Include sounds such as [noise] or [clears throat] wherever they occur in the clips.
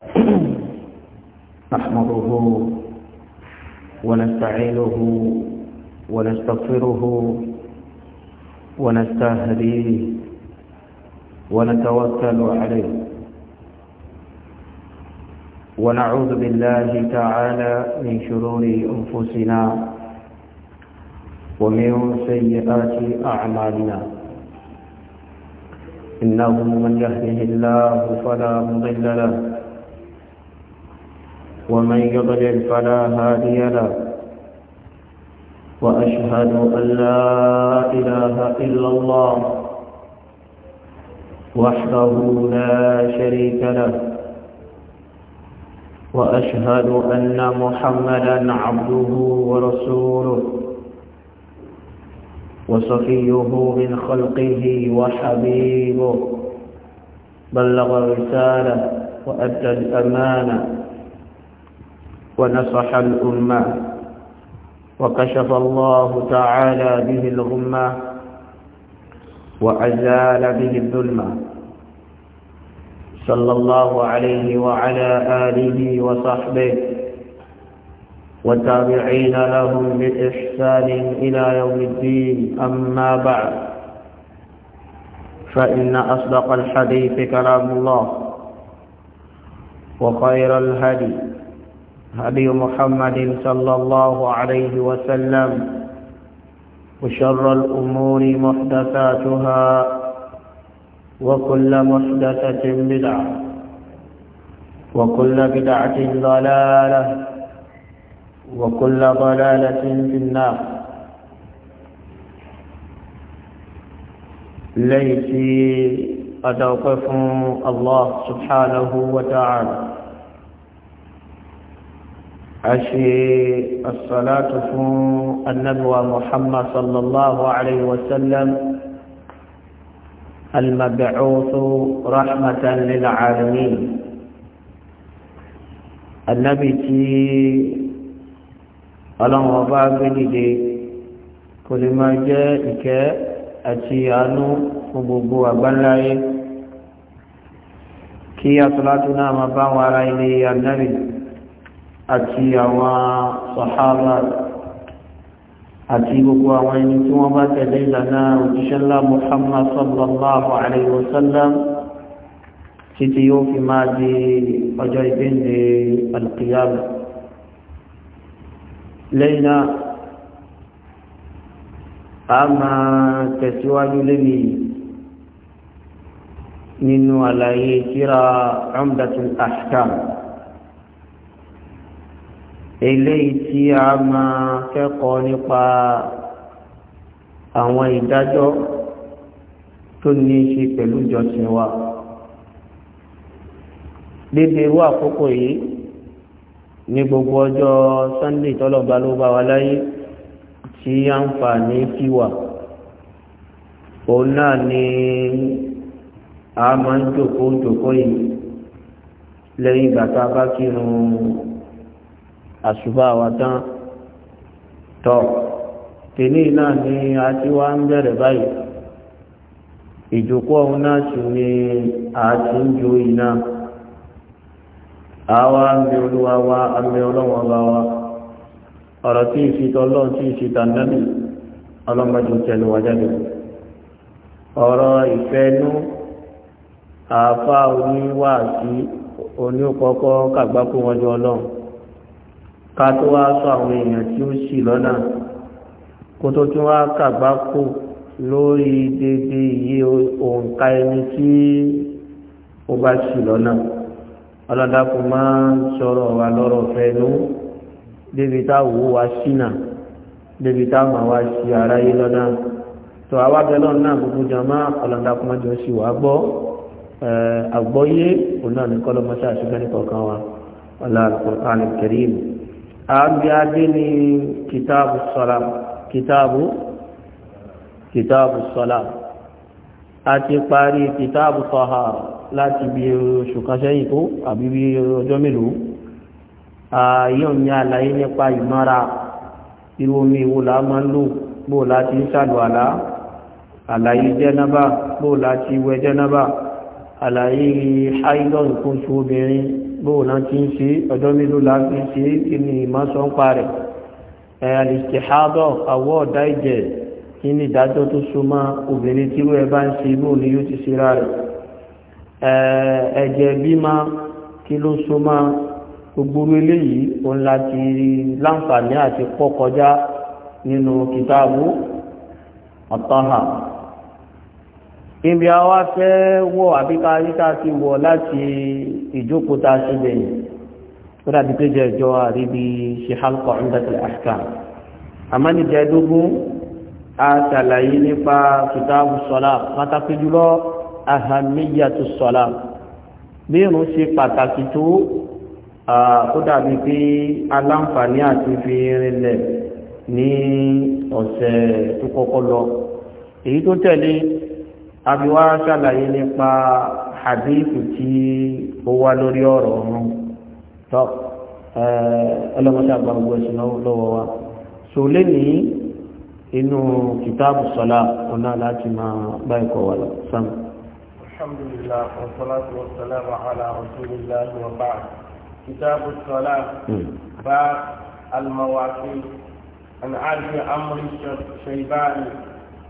[clears throat] نحمده ونستعينه ونستغفره ونستهديه ونتوكل عليه ونعوذ بالله تعالى من شرور أنفسنا ومن سيئات أعمالنا إنه من يهده الله فلا مضل له ومن يضلل فلا هادي له وأشهد أن لا إله إلا الله وحده لا شريك له وأشهد أن محمدا عبده ورسوله وصفيه من خلقه وحبيبه بلغ الرسالة وأدى الأمانة ونصح الأمة وكشف الله تعالى به الغمة وأزال به الظلمة صلى الله عليه وعلى آله وصحبه والتابعين لهم بإحسان إلى يوم الدين أما بعد فإن أصدق الحديث كلام الله وخير الهدي هدي محمد صلى الله عليه وسلم وشر الأمور محدثاتها وكل محدثة بدعة وكل بدعة ضلالة وكل ضلالة في النار ليتي أتوقف الله سبحانه وتعالى أشي الصلاة فون النبوة محمد صلى الله عليه وسلم المبعوث رحمة للعالمين النبي تي ألم وضع بلدي كل ما جاءك أتيانو وبوبو أبلاي كي صلاتنا مبعوث على النبي àti àwọn sàhábà àti gbogbo àwọn ẹni tí wọ́n bá tẹ̀lé ìlànà òjíṣẹ́ ńlá Muhammad sallallahu alayhi wa sallam títí yóò fi máa di ọjọ́ ìgbéǹde alqiyama lẹ́yìn a máa tẹ̀síwájú lẹ́nu nínú àlàyé kíra Umdatul Ahkam eléyìí tí a máa kẹ́kọ̀ọ́ nípa àwọn ìdájọ́ tó ní í ṣe pẹ̀lú ìjọsìn wa dédé wà àkókò yìí ní gbogbo ọjọ́ sunday tọ́lọ̀bá ló bá wa láyé tí àǹfààní fi wà òun náà ni a máa ń jòkó jòkó yìí lẹ́yìn ìgbà tá a bá kírun àṣùbà wa tán tọ́ tèlé náà ni a ti wá ń bẹ̀rẹ̀ báyìí ìjókòó ọ̀hún náà sì ni a ti ń jo iná àwa àmì olúwa wa àmì ọlọ́wọ́n bá wa ọ̀rọ̀ tí ìfitọ́ ọlọ́run tí ìfità nẹ́bì ọlọ́mọdé tẹ̀lé wa jáde ọ̀rọ̀ ìfẹ́nú àáfà oníwàásí oníkọ́kọ́ kàgbákò wọn jọ ọlọ́run ká tó wá sọ àwọn èèyàn tí ó sì lọ́nà kó tó tún wá kàgbá kù lórí dédé iye òǹkà ẹni tí ó bá sì lọ́nà ọlọ́dàkù máa ń sọ̀rọ̀ wa lọ́rọ̀ fẹ́nu débi tá wò wá sínà débi tá mà wá sí aráyé lọ́nà tó awábẹ́ lọ́nà náà gbogbo jama ọlọ́dàkù máa jọ sí wà gbọ́ àgbọ́yé òun náà ní kọ́lọ́mọṣáà ṣùgbọ́n ní kọ̀ọ̀kan wa ọlọ́dàkù alkarim àbí adé ní kìtàbù sọ́lá kìtàbù kìtàbù sọ́lá àti parí kìtàbù sọ́hà láti bí oṣù kan sẹ́yìn tó àbí bí ọjọ́ mélòó ààyàn ní àlàyé nípa ìmọ́ra irú omi ìwò là máa ń lò bó láti ń sàlù àlá àlàyé jẹ́nàbà bó láti wẹ jẹ́nàbà àlàyé haidon kóṣù obìnrin bóò náà ti ń ṣe ọjọ́ mélòó la fi ṣe kí ni ìmọ̀ sọ ń pa rẹ̀ al-istihada àwọ̀ ọ̀dá ìjẹ̀ kí ni ìdájọ́ tó súnmọ́ obìnrin tí wọ́n bá ń ṣe bóò ni yóò ti ṣe ra rẹ̀ ẹ̀jẹ̀ bímọ kí ló súnmọ́ gbogbo eléyìí òun láti láǹfààní àti pọ́ kọjá nínú kìtàbù àtọ́hà ibi àwa fẹ́ wọ̀ àbíká ríta ti wọ̀ láti ìjókòóta síbẹ̀ yìí ó dàbí pé jẹ́ ìjọ àríbi ṣe halqa umdatul ahkam àmọ́ níjẹ́dógún a ṣàlàyé nípa kìtàbù sọ́lá pàtàkì jùlọ ahamiyatu sọ́lá bí irun ṣe pàtàkì tó ó dàbí pé aláǹfààní àti fi rinlẹ̀ ní ọ̀sẹ̀ tó kọ́kọ́ lọ èyí tó tẹ̀lé àbíwá ṣàlàyé nípa hadith tí ó wá lórí ọ̀rọ̀ ọ̀run tọ́ ọlọ́mọdé àgbàgbọ́ ẹ̀sìn lọ́wọ́ wa so lénìí inú kìtàbù sọlá ọ̀nà láti máa bá ẹ̀kọ́ wa sam. alhamdulillah wa salatu wa salamu ala rasulillah wa ba'd kìtàbù sọlá hmm. bá almawaqit an ali amri shaybani.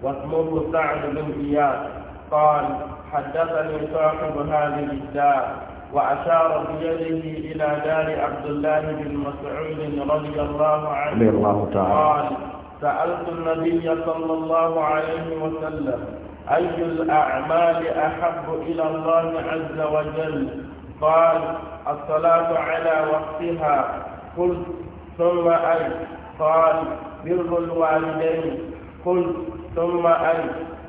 واسمه سعد بن اياد قال حدثني صاحب هذه الدار واشار بيده الى دار عبد الله بن مسعود رضي الله عنه رضي الله تعالى قال سالت النبي صلى الله عليه وسلم اي الاعمال احب الى الله عز وجل قال الصلاه على وقتها قلت ثم اي قال بر الوالدين قلت ثم أي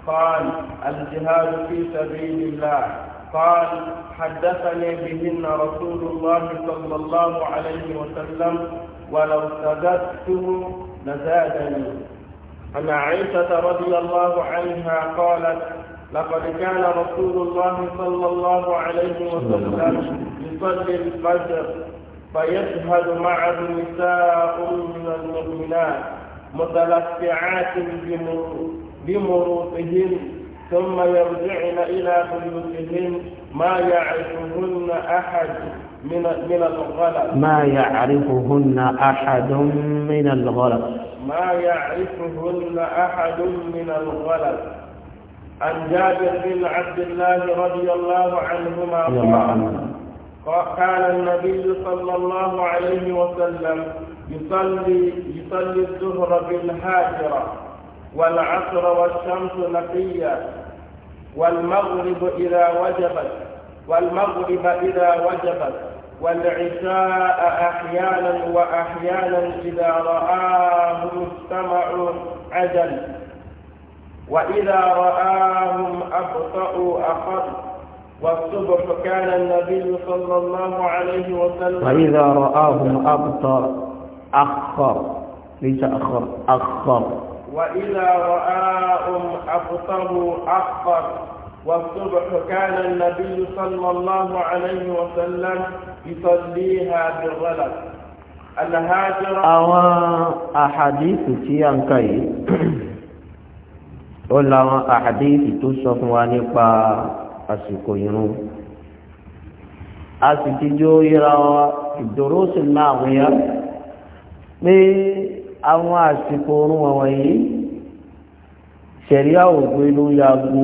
قال الجهاد في سبيل الله قال حدثني بهن رسول الله صلى الله عليه وسلم ولو سددته لزادني أن عائشة رضي الله عنها قالت لقد كان رسول الله صلى الله عليه وسلم يصلي الفجر فيشهد معه نساء من المؤمنات متلفعات بمروطهن ثم يرجعن إلى بيوتهن ما يعرفهن أحد من من الغلط ما يعرفهن أحد من الغلط ما يعرفهن أحد من الغلط عن جابر بن عبد الله رضي الله عنهما قال قال النبي صلى الله عليه وسلم يصلي يصلي الظهر بالهاجرة والعصر والشمس نقية والمغرب إذا وجبت والمغرب إذا وجبت والعشاء أحيانا وأحيانا إذا رآهم استمعوا عجل وإذا رآهم أبطأوا أخر والصبح كان النبي صلى الله عليه وسلم وإذا رآهم أبطأ أخر ليس أخر أخر وإذا رآهم أفطروا أخر والصبح كان النبي صلى الله عليه وسلم يصليها بالغلط الهاجر أوا أحاديث تيان كاي [clears throat] ولا أحاديث تصف وانفا أسكوينو ينو أسيكي جو يرى الدروس الماضية pé àwọn àsìkò oorun àwọn yìí ṣẹ̀ríà ògbé ló yàgò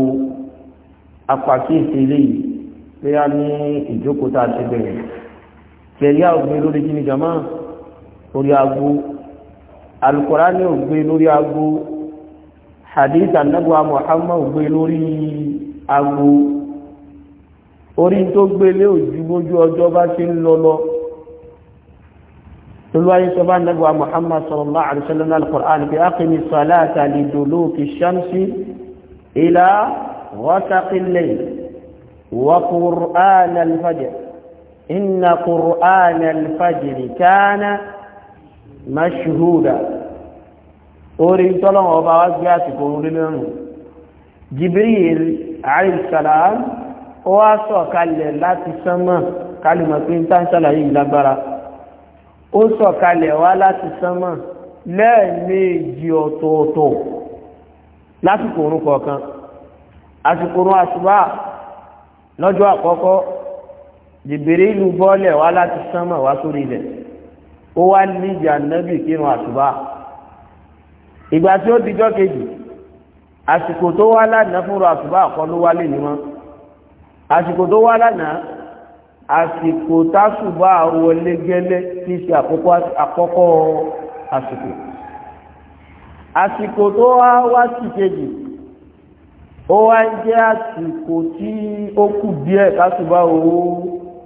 apàkíyèsí eléyìí pé a ní ìjókòó tá a ti bẹ̀rẹ̀ ṣẹ̀ríà ògbé lórí kíni jama orí aago alukurani ògbé lórí aago hadith anagba muhammad ògbé lórí aago orí tó gbélé òjú bójú ọjọ́ bá ṣe ń lọ lọ olúwáyé sọ bá nẹ́gbà Muhammad sallallahu alaihi wasallam al-Qur'an bí aqimi salata li duluki shamsi ila ghasaqi al-layl wa qur'an al-fajr inna qur'an al-fajr kana mashhuda orí tọ́lọ́wọ́ ọba wá gbé àsìkò orí lẹ́nu Jibril alayhi salam ó wá láti sánmà kálùmọ̀ pé ń tán ó sọ̀kalẹ̀ wá láti sánmà lẹ́ẹ̀mejì ọ̀tọ̀ọ̀tọ̀ lásìkò orun kọ̀ọ̀kan àsìkò orun àṣùbà lọ́jọ́ àkọ́kọ́ Jìbìrìlù bọ́ọ̀lẹ̀ wá láti sánmà wá sórí ilẹ̀ ó wá níjà nẹ́bì kírun àṣùbà ìgbà tí ó dijọ́ kejì àsìkò tó wá lánàá fúnra àṣùbà àkọ́ ló wálé ni wọ́n àsìkò tó wá lánàá àsìkò tásùbà wọlé gẹ́lẹ́ tí í ṣe àkọ́kọ́ àsìkò àsìkò tó wá wá sí kejì ó wá ń jẹ́ àsìkò tí ó kù díẹ̀ tásùbà ó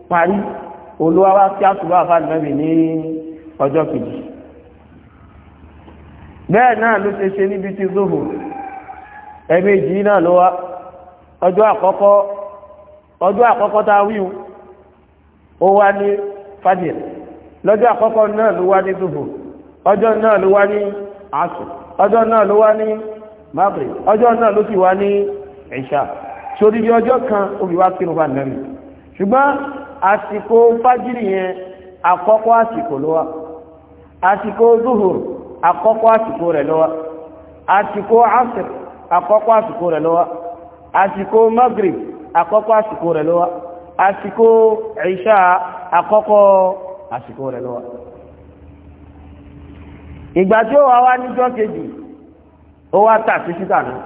parí olúwa wá sí àsùbà fàdínàbì ní ọjọ́ kejì bẹ́ẹ̀ náà ló ṣe ṣe níbi tí zóhù ẹ̀mejì náà ló wá ọjọ́ àkọ́kọ́ ọjọ́ àkọ́kọ́ tá a wíwú ó wá ní fajr lọ́jọ́ àkọ́kọ́ náà ló wá ní zuhur ọjọ́ náà ló wá ní asr ọjọ́ náà ló wá ní ọjọ́ náà ló sì wá ní isha bí kan omi kírun bá ṣùgbọ́n àsìkò Akọkọ yẹn àkọ́kọ́ àsìkò ló àsìkò àkọ́kọ́ àsìkò rẹ̀ ló àsìkò àkọ́kọ́ àsìkò àsìkò ìṣà àkọ́kọ́ àsìkò rẹ̀ lọ́wọ́ ìgbà tí ó wà wá níjọ́ kejì ó wá tà sí síta náà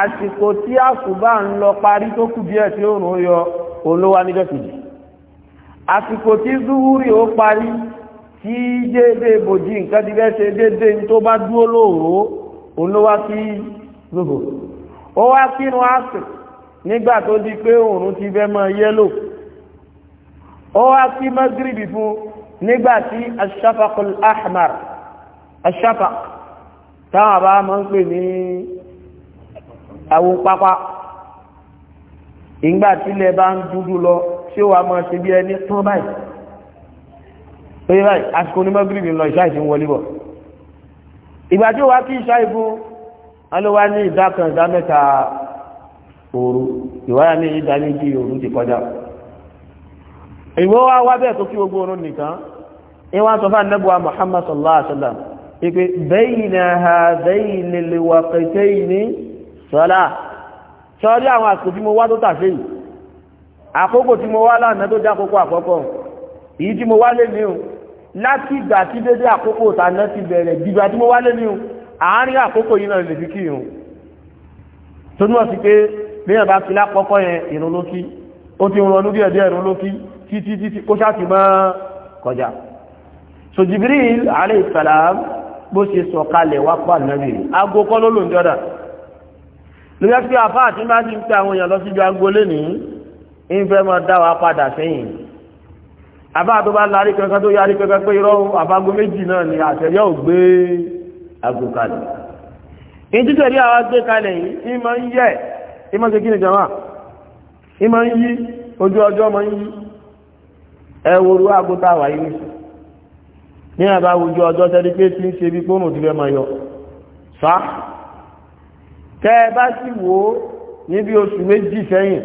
àsìkò tí àsùbá ń lọ parí tó kù díẹ̀ tí ó rùn yọ olówá níjọ́ kejì àsìkò tí zuhuri ó parí tí dédé bòjì nǹkan ti fẹ́ ṣe dédé tó bá dúró lóòrò olówá kí zuhuri ó wá kírun àsìkò nígbà tó di pé òòrùn ti fẹ́ máa yẹ́lò ó wá kí magribi fún nígbà tí aṣafakul ahmar aṣafak táwọn àbá máa ń pè ní àwọn pápá ìgbà tílẹ̀ bá ń dúdú lọ tí ó wà máa ṣe bí ẹni tán báyìí pé báyìí àsìkò ní lọ ìṣáì ti ń wọlé ìgbà tí ó wá kí ìṣáì fún alówá ní ìdá kan ìdá mẹ́ta òru ìwáyà ní ìdá méjì òru ti kọjá ìwọ́ wá wá bẹ́ẹ̀ tó kí gbogbo orun nìkan ìwọ́n sọ fún anábùwà Muhammad sallallahu alaihi wasallam ìpè bayna hadhayni al-waqtayni sọ́lá sọ́rí àwọn àsìkò tí mo wá tó tàṣe yìí àkókò tí mo wá lánàá tó jákòókò àkọ́kọ́ èyí tí mo wá lé ní o láti ìgbà tí dédé àkókò tàná ti bẹ̀rẹ̀ dìgbà tí mo wá lé ní àárín àkókò yìí lè fi kí ìhùn tó ní wọ́n pé bí ẹ̀bá fi lápọ́kọ́ yẹn ìrún lókí ó ti rọnú díẹ̀ díẹ̀ ìrún lókí títí títí kó sáti mọ́ kọjá so Jibril alayhi salam bó ṣe sọ kalẹ̀ wá pa nàbì aago kọ́ ló lò ń jọ́dà lóyá sí afá àti má ti ń pẹ àwọn èèyàn lọ síbi ni àtẹ̀yẹ́ ò gbé aago kalẹ̀ ìtítẹ̀lé àwa gbé kalẹ̀ yìí ń ń yẹ̀ ìmọ̀ ṣe kí ni jama ìmọ̀ ń yí ojú ọjọ́ mọ̀ ń yí ẹwòrú àgùntà wà yìí ní àbá ojú ọjọ́ tẹ́lí pé tí ń ṣe bí pọ́nù ti fẹ́ máa yọ sá tẹ́ ẹ bá sì wò ó níbi oṣù méjì sẹ́yìn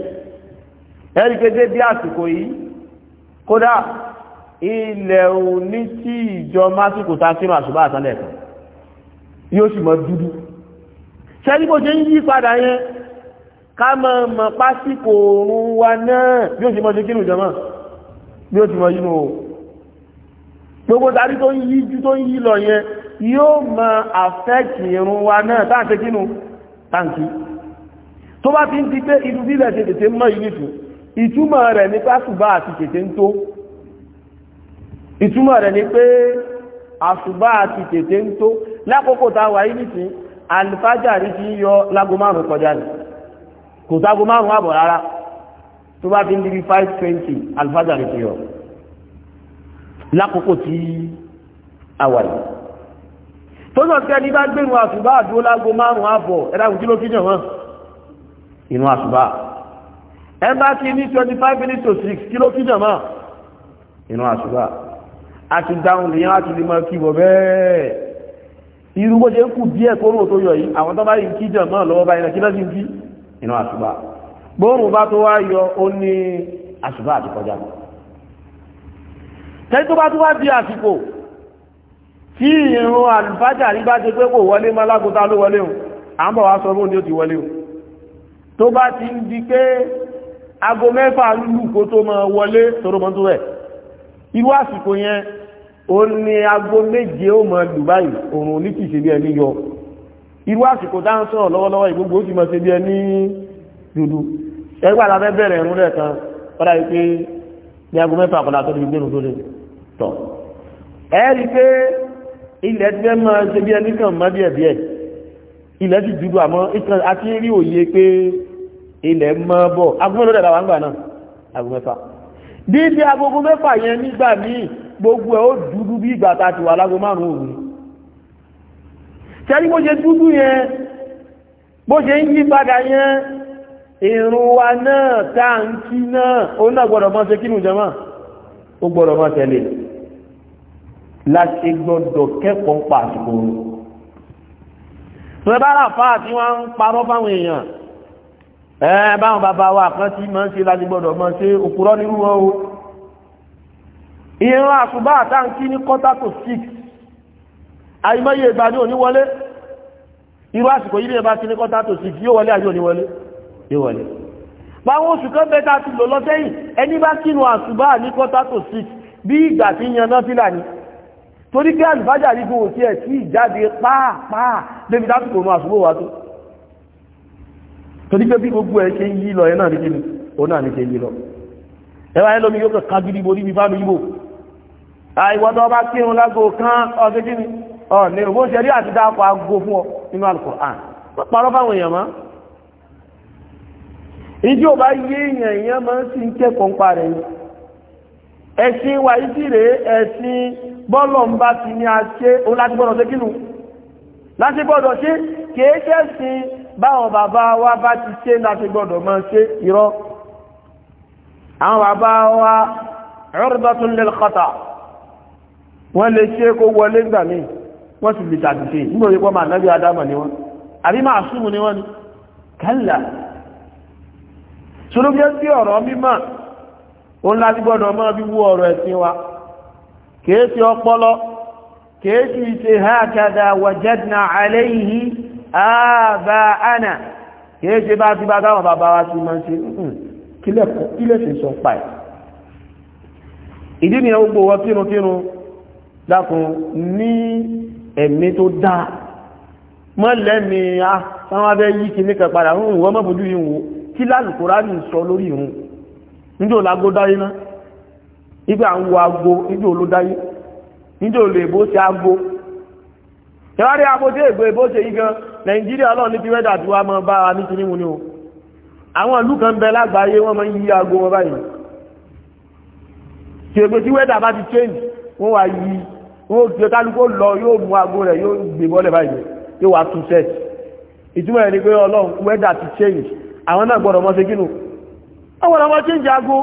ẹ̀rí kété bí àsìkò yìí kódà ilẹ̀ òní tí ìjọ másìkò ta sínú àṣùbà àtàlẹ̀ kan yóò sì mọ dúdú sẹ́ni bó ṣe ń yí padà yẹn ká mọ̀ mọ̀ pásíkò oòrùn wa náà bí ó ti mọ̀ sí kínú jọmọ́ bí ó ti mọ̀ yínú o gbogbo darí tó ń yí ju tó ń yí lọ yẹn yóò mọ àfẹ́kì irun wa náà táǹkì kínú táǹkì tó bá ti ń ti pé ìlú bílẹ̀ ti tètè mọ́ yìí nìtù ìtumọ̀ rẹ̀ ní pásùbà àti tètè ń tó ìtumọ̀ rẹ̀ ni pé àṣùbá àti tètè ń tó lákòókò táwà yìí nìtì alifájà rí ti yọ lágo ún kọjá nìtì kò ságo márùn àbọ̀ rárá tó bá ti ń di five twenty alifájà rẹ̀ ti yọ lákòókò tí a wà yìí tó sọ sí ẹni bá gbẹ̀rù àṣùbà àdúró lágo márùn àbọ̀ ẹ̀dá kùtì ló fi jàn wọ́n inú àṣùbà ẹ ní twenty five minutes to six kí ló fi jàn wọ́n inú àṣùbà a ti dáhùn lèyàn a ti lè máa kí bọ̀ bẹ́ẹ̀ irú bó ṣe ń kù díẹ̀ kóró tó yọ yìí àwọn tó bá yìí kí jàn náà lọ́wọ́ báyìí náà kí náà sì ń kí inú àṣùbà bóòrùn bá tó wá yọ ó ní àṣùbà àti kọjá tẹ́lẹ̀ tó bá tó wá di àsìkò tí ìrún àlùfájà rí bá ti pé kò wọlé mọ́ lágúta ló wọlé o à ń bọ̀ wá sọ bóun ni ó ti wọlé o tó bá ti ń di pé aago mẹ́fà lù kó tó mọ wọlé tóró mọ́ tó rẹ̀ irú àsìkò yẹn ó ní aago méje ó mọ lù báyìí òun ní kìí ṣe bí ẹni yọ irú àsìkò dá ń sọ̀rọ̀ lọ́wọ́lọ́wọ́ ìgbogbo ó ti mọ̀ sí bí ẹni dúdú ẹgbẹ́ alábẹ́ bẹ̀rẹ̀ ẹ̀rún rẹ̀ kan padà yìí pé ní aago mẹ́fà kọ́lá tó ti gbé nù lóde tọ̀ ẹ rí i pé ilẹ̀ ti fẹ́ máa ṣe bí ẹni kàn má díẹ̀ díẹ̀ ilẹ̀ ti dúdú àmọ́ ìkan àti rí òye pé ilẹ̀ mọ́ bọ̀ aago mẹ́fà lóde àwa ń gbà náà aago mẹ́fà dídí agogo mẹ́fà yẹn nígbà míì gbogbo ẹ̀ ó dúdú bí ìgbà ta ti wà lágo márùn-ún òru tẹ́rí bó ṣe dúdú yẹn bó ṣe ń yí padà yẹn ìrun wa náà táǹkì náà ó náà gbọ́dọ̀ mọ́ ṣe kí nù jẹmọ́ ó gbọ́dọ̀ mọ́ tẹ̀lé láti gbọ́dọ̀ kẹ́kọ̀ọ́ pa àsìkò rẹ̀ tọ́lẹ́bára fáà tí wọ́n ń parọ́ fáwọn èèyàn ẹ̀ báwọn bàbá wa kan tí máa ń ṣe láti gbọ́dọ̀ máa ṣe òkúrọ́ nírú wọn o ìrun àsùbá àtàǹkì ní kọ́tà tó 6 àìmọye ìgbà ní òníwọlé irú àsìkò yìí bá ti ní kọ́tà tó sì yóò wọlé àyò òníwọlé yóò wọlé báwọn oṣù kan bẹ́ta ti lò lọ sẹ́yìn ẹni bá kínú àṣùbá ní kọ́tà tó sì bí ìgbà tí yanná fílà ni torí kí àlùfájà ní gbogbo tí ẹ̀ sí ìjáde pàápàá débi dásìkò nu àṣùbò wa tó torí pé bí gbogbo ẹ̀ ṣe ń yí lọ ẹ̀ náà ní kí ni òun náà ní ṣe yí lọ ẹwà ẹ lómi yóò kàn kájú níbo níbi fámi yíbo àìwọ́dọ̀ bá kírun lágbo kan ọ̀gẹ́gẹ́ ni ọ̀nà ìbò ṣe rí àti dákọ̀ agbó fún ọ nínú alukur'an pàrọ̀ fáwọn èèyàn mọ́ ìjọ bá yé èèyàn èèyàn máa ń sì ń kẹ́kọ̀ọ́ ń parẹ́ yìí ẹ̀sìn wa ìdí rèé ẹ̀sìn bọ́ọ̀lọ̀ ń bá ti ní a ṣe òun láti gbọ́dọ̀ ṣe kínú láti gbọ́dọ̀ ṣe kìí ṣẹ̀sìn báwọn bàbá wa bá ti ṣe láti gbọ́dọ̀ máa ṣe irọ́ àwọn bàbá wa urdatun lil khata wọ́n lè ṣe kó wọlé gbà míì wọ́n sì lè tàbíṣe nígbò yípo máa ni wọ́n àbí máa súnmù ni wọ́n ni sí ọ̀rọ̀ mímọ̀ gbọ́dọ̀ mọ́ bí wú ọ̀rọ̀ ẹ̀sìn wa ọpọlọ hákàdà wàjẹ́dìnà àlẹ́yìí bá ti bá táwọn bàbá wa ti máa ṣe sọ ẹ̀mí tó dáa mọ́ lẹ́mi a ah, sáwọn abẹ́ yí kìíní kan padà ń wọ́n mọ́ fojú yìí wò kí lálùkùránì sọ lórí ìrun níjò lágó dáyé náà nígbà à ń wo aago níjò ló dáyé níjò lè bó ṣe aago ìwádìí abóté ègbò èbó ṣe yí gan nàìjíríà lọ ní ti wẹ́dà tí wàá mọ́ bá wa ní kinní mu ni o àwọn ìlú kan bẹ lágbàáyé wọ́n máa ń yí aago wọn báyìí ṣègbè tí wẹ́dà bá ti change wọ́n wá yí wọ́n gbé kálukó lọ yóò mú agbó rẹ̀ yóò gbé bọ́lẹ̀ báyìí yóò wá tún set ìtumọ̀ ẹni pé ọlọ́run weather ti change àwọn náà gbọ́dọ̀ mọ́ ṣe kínú àwọn ọmọ change agbó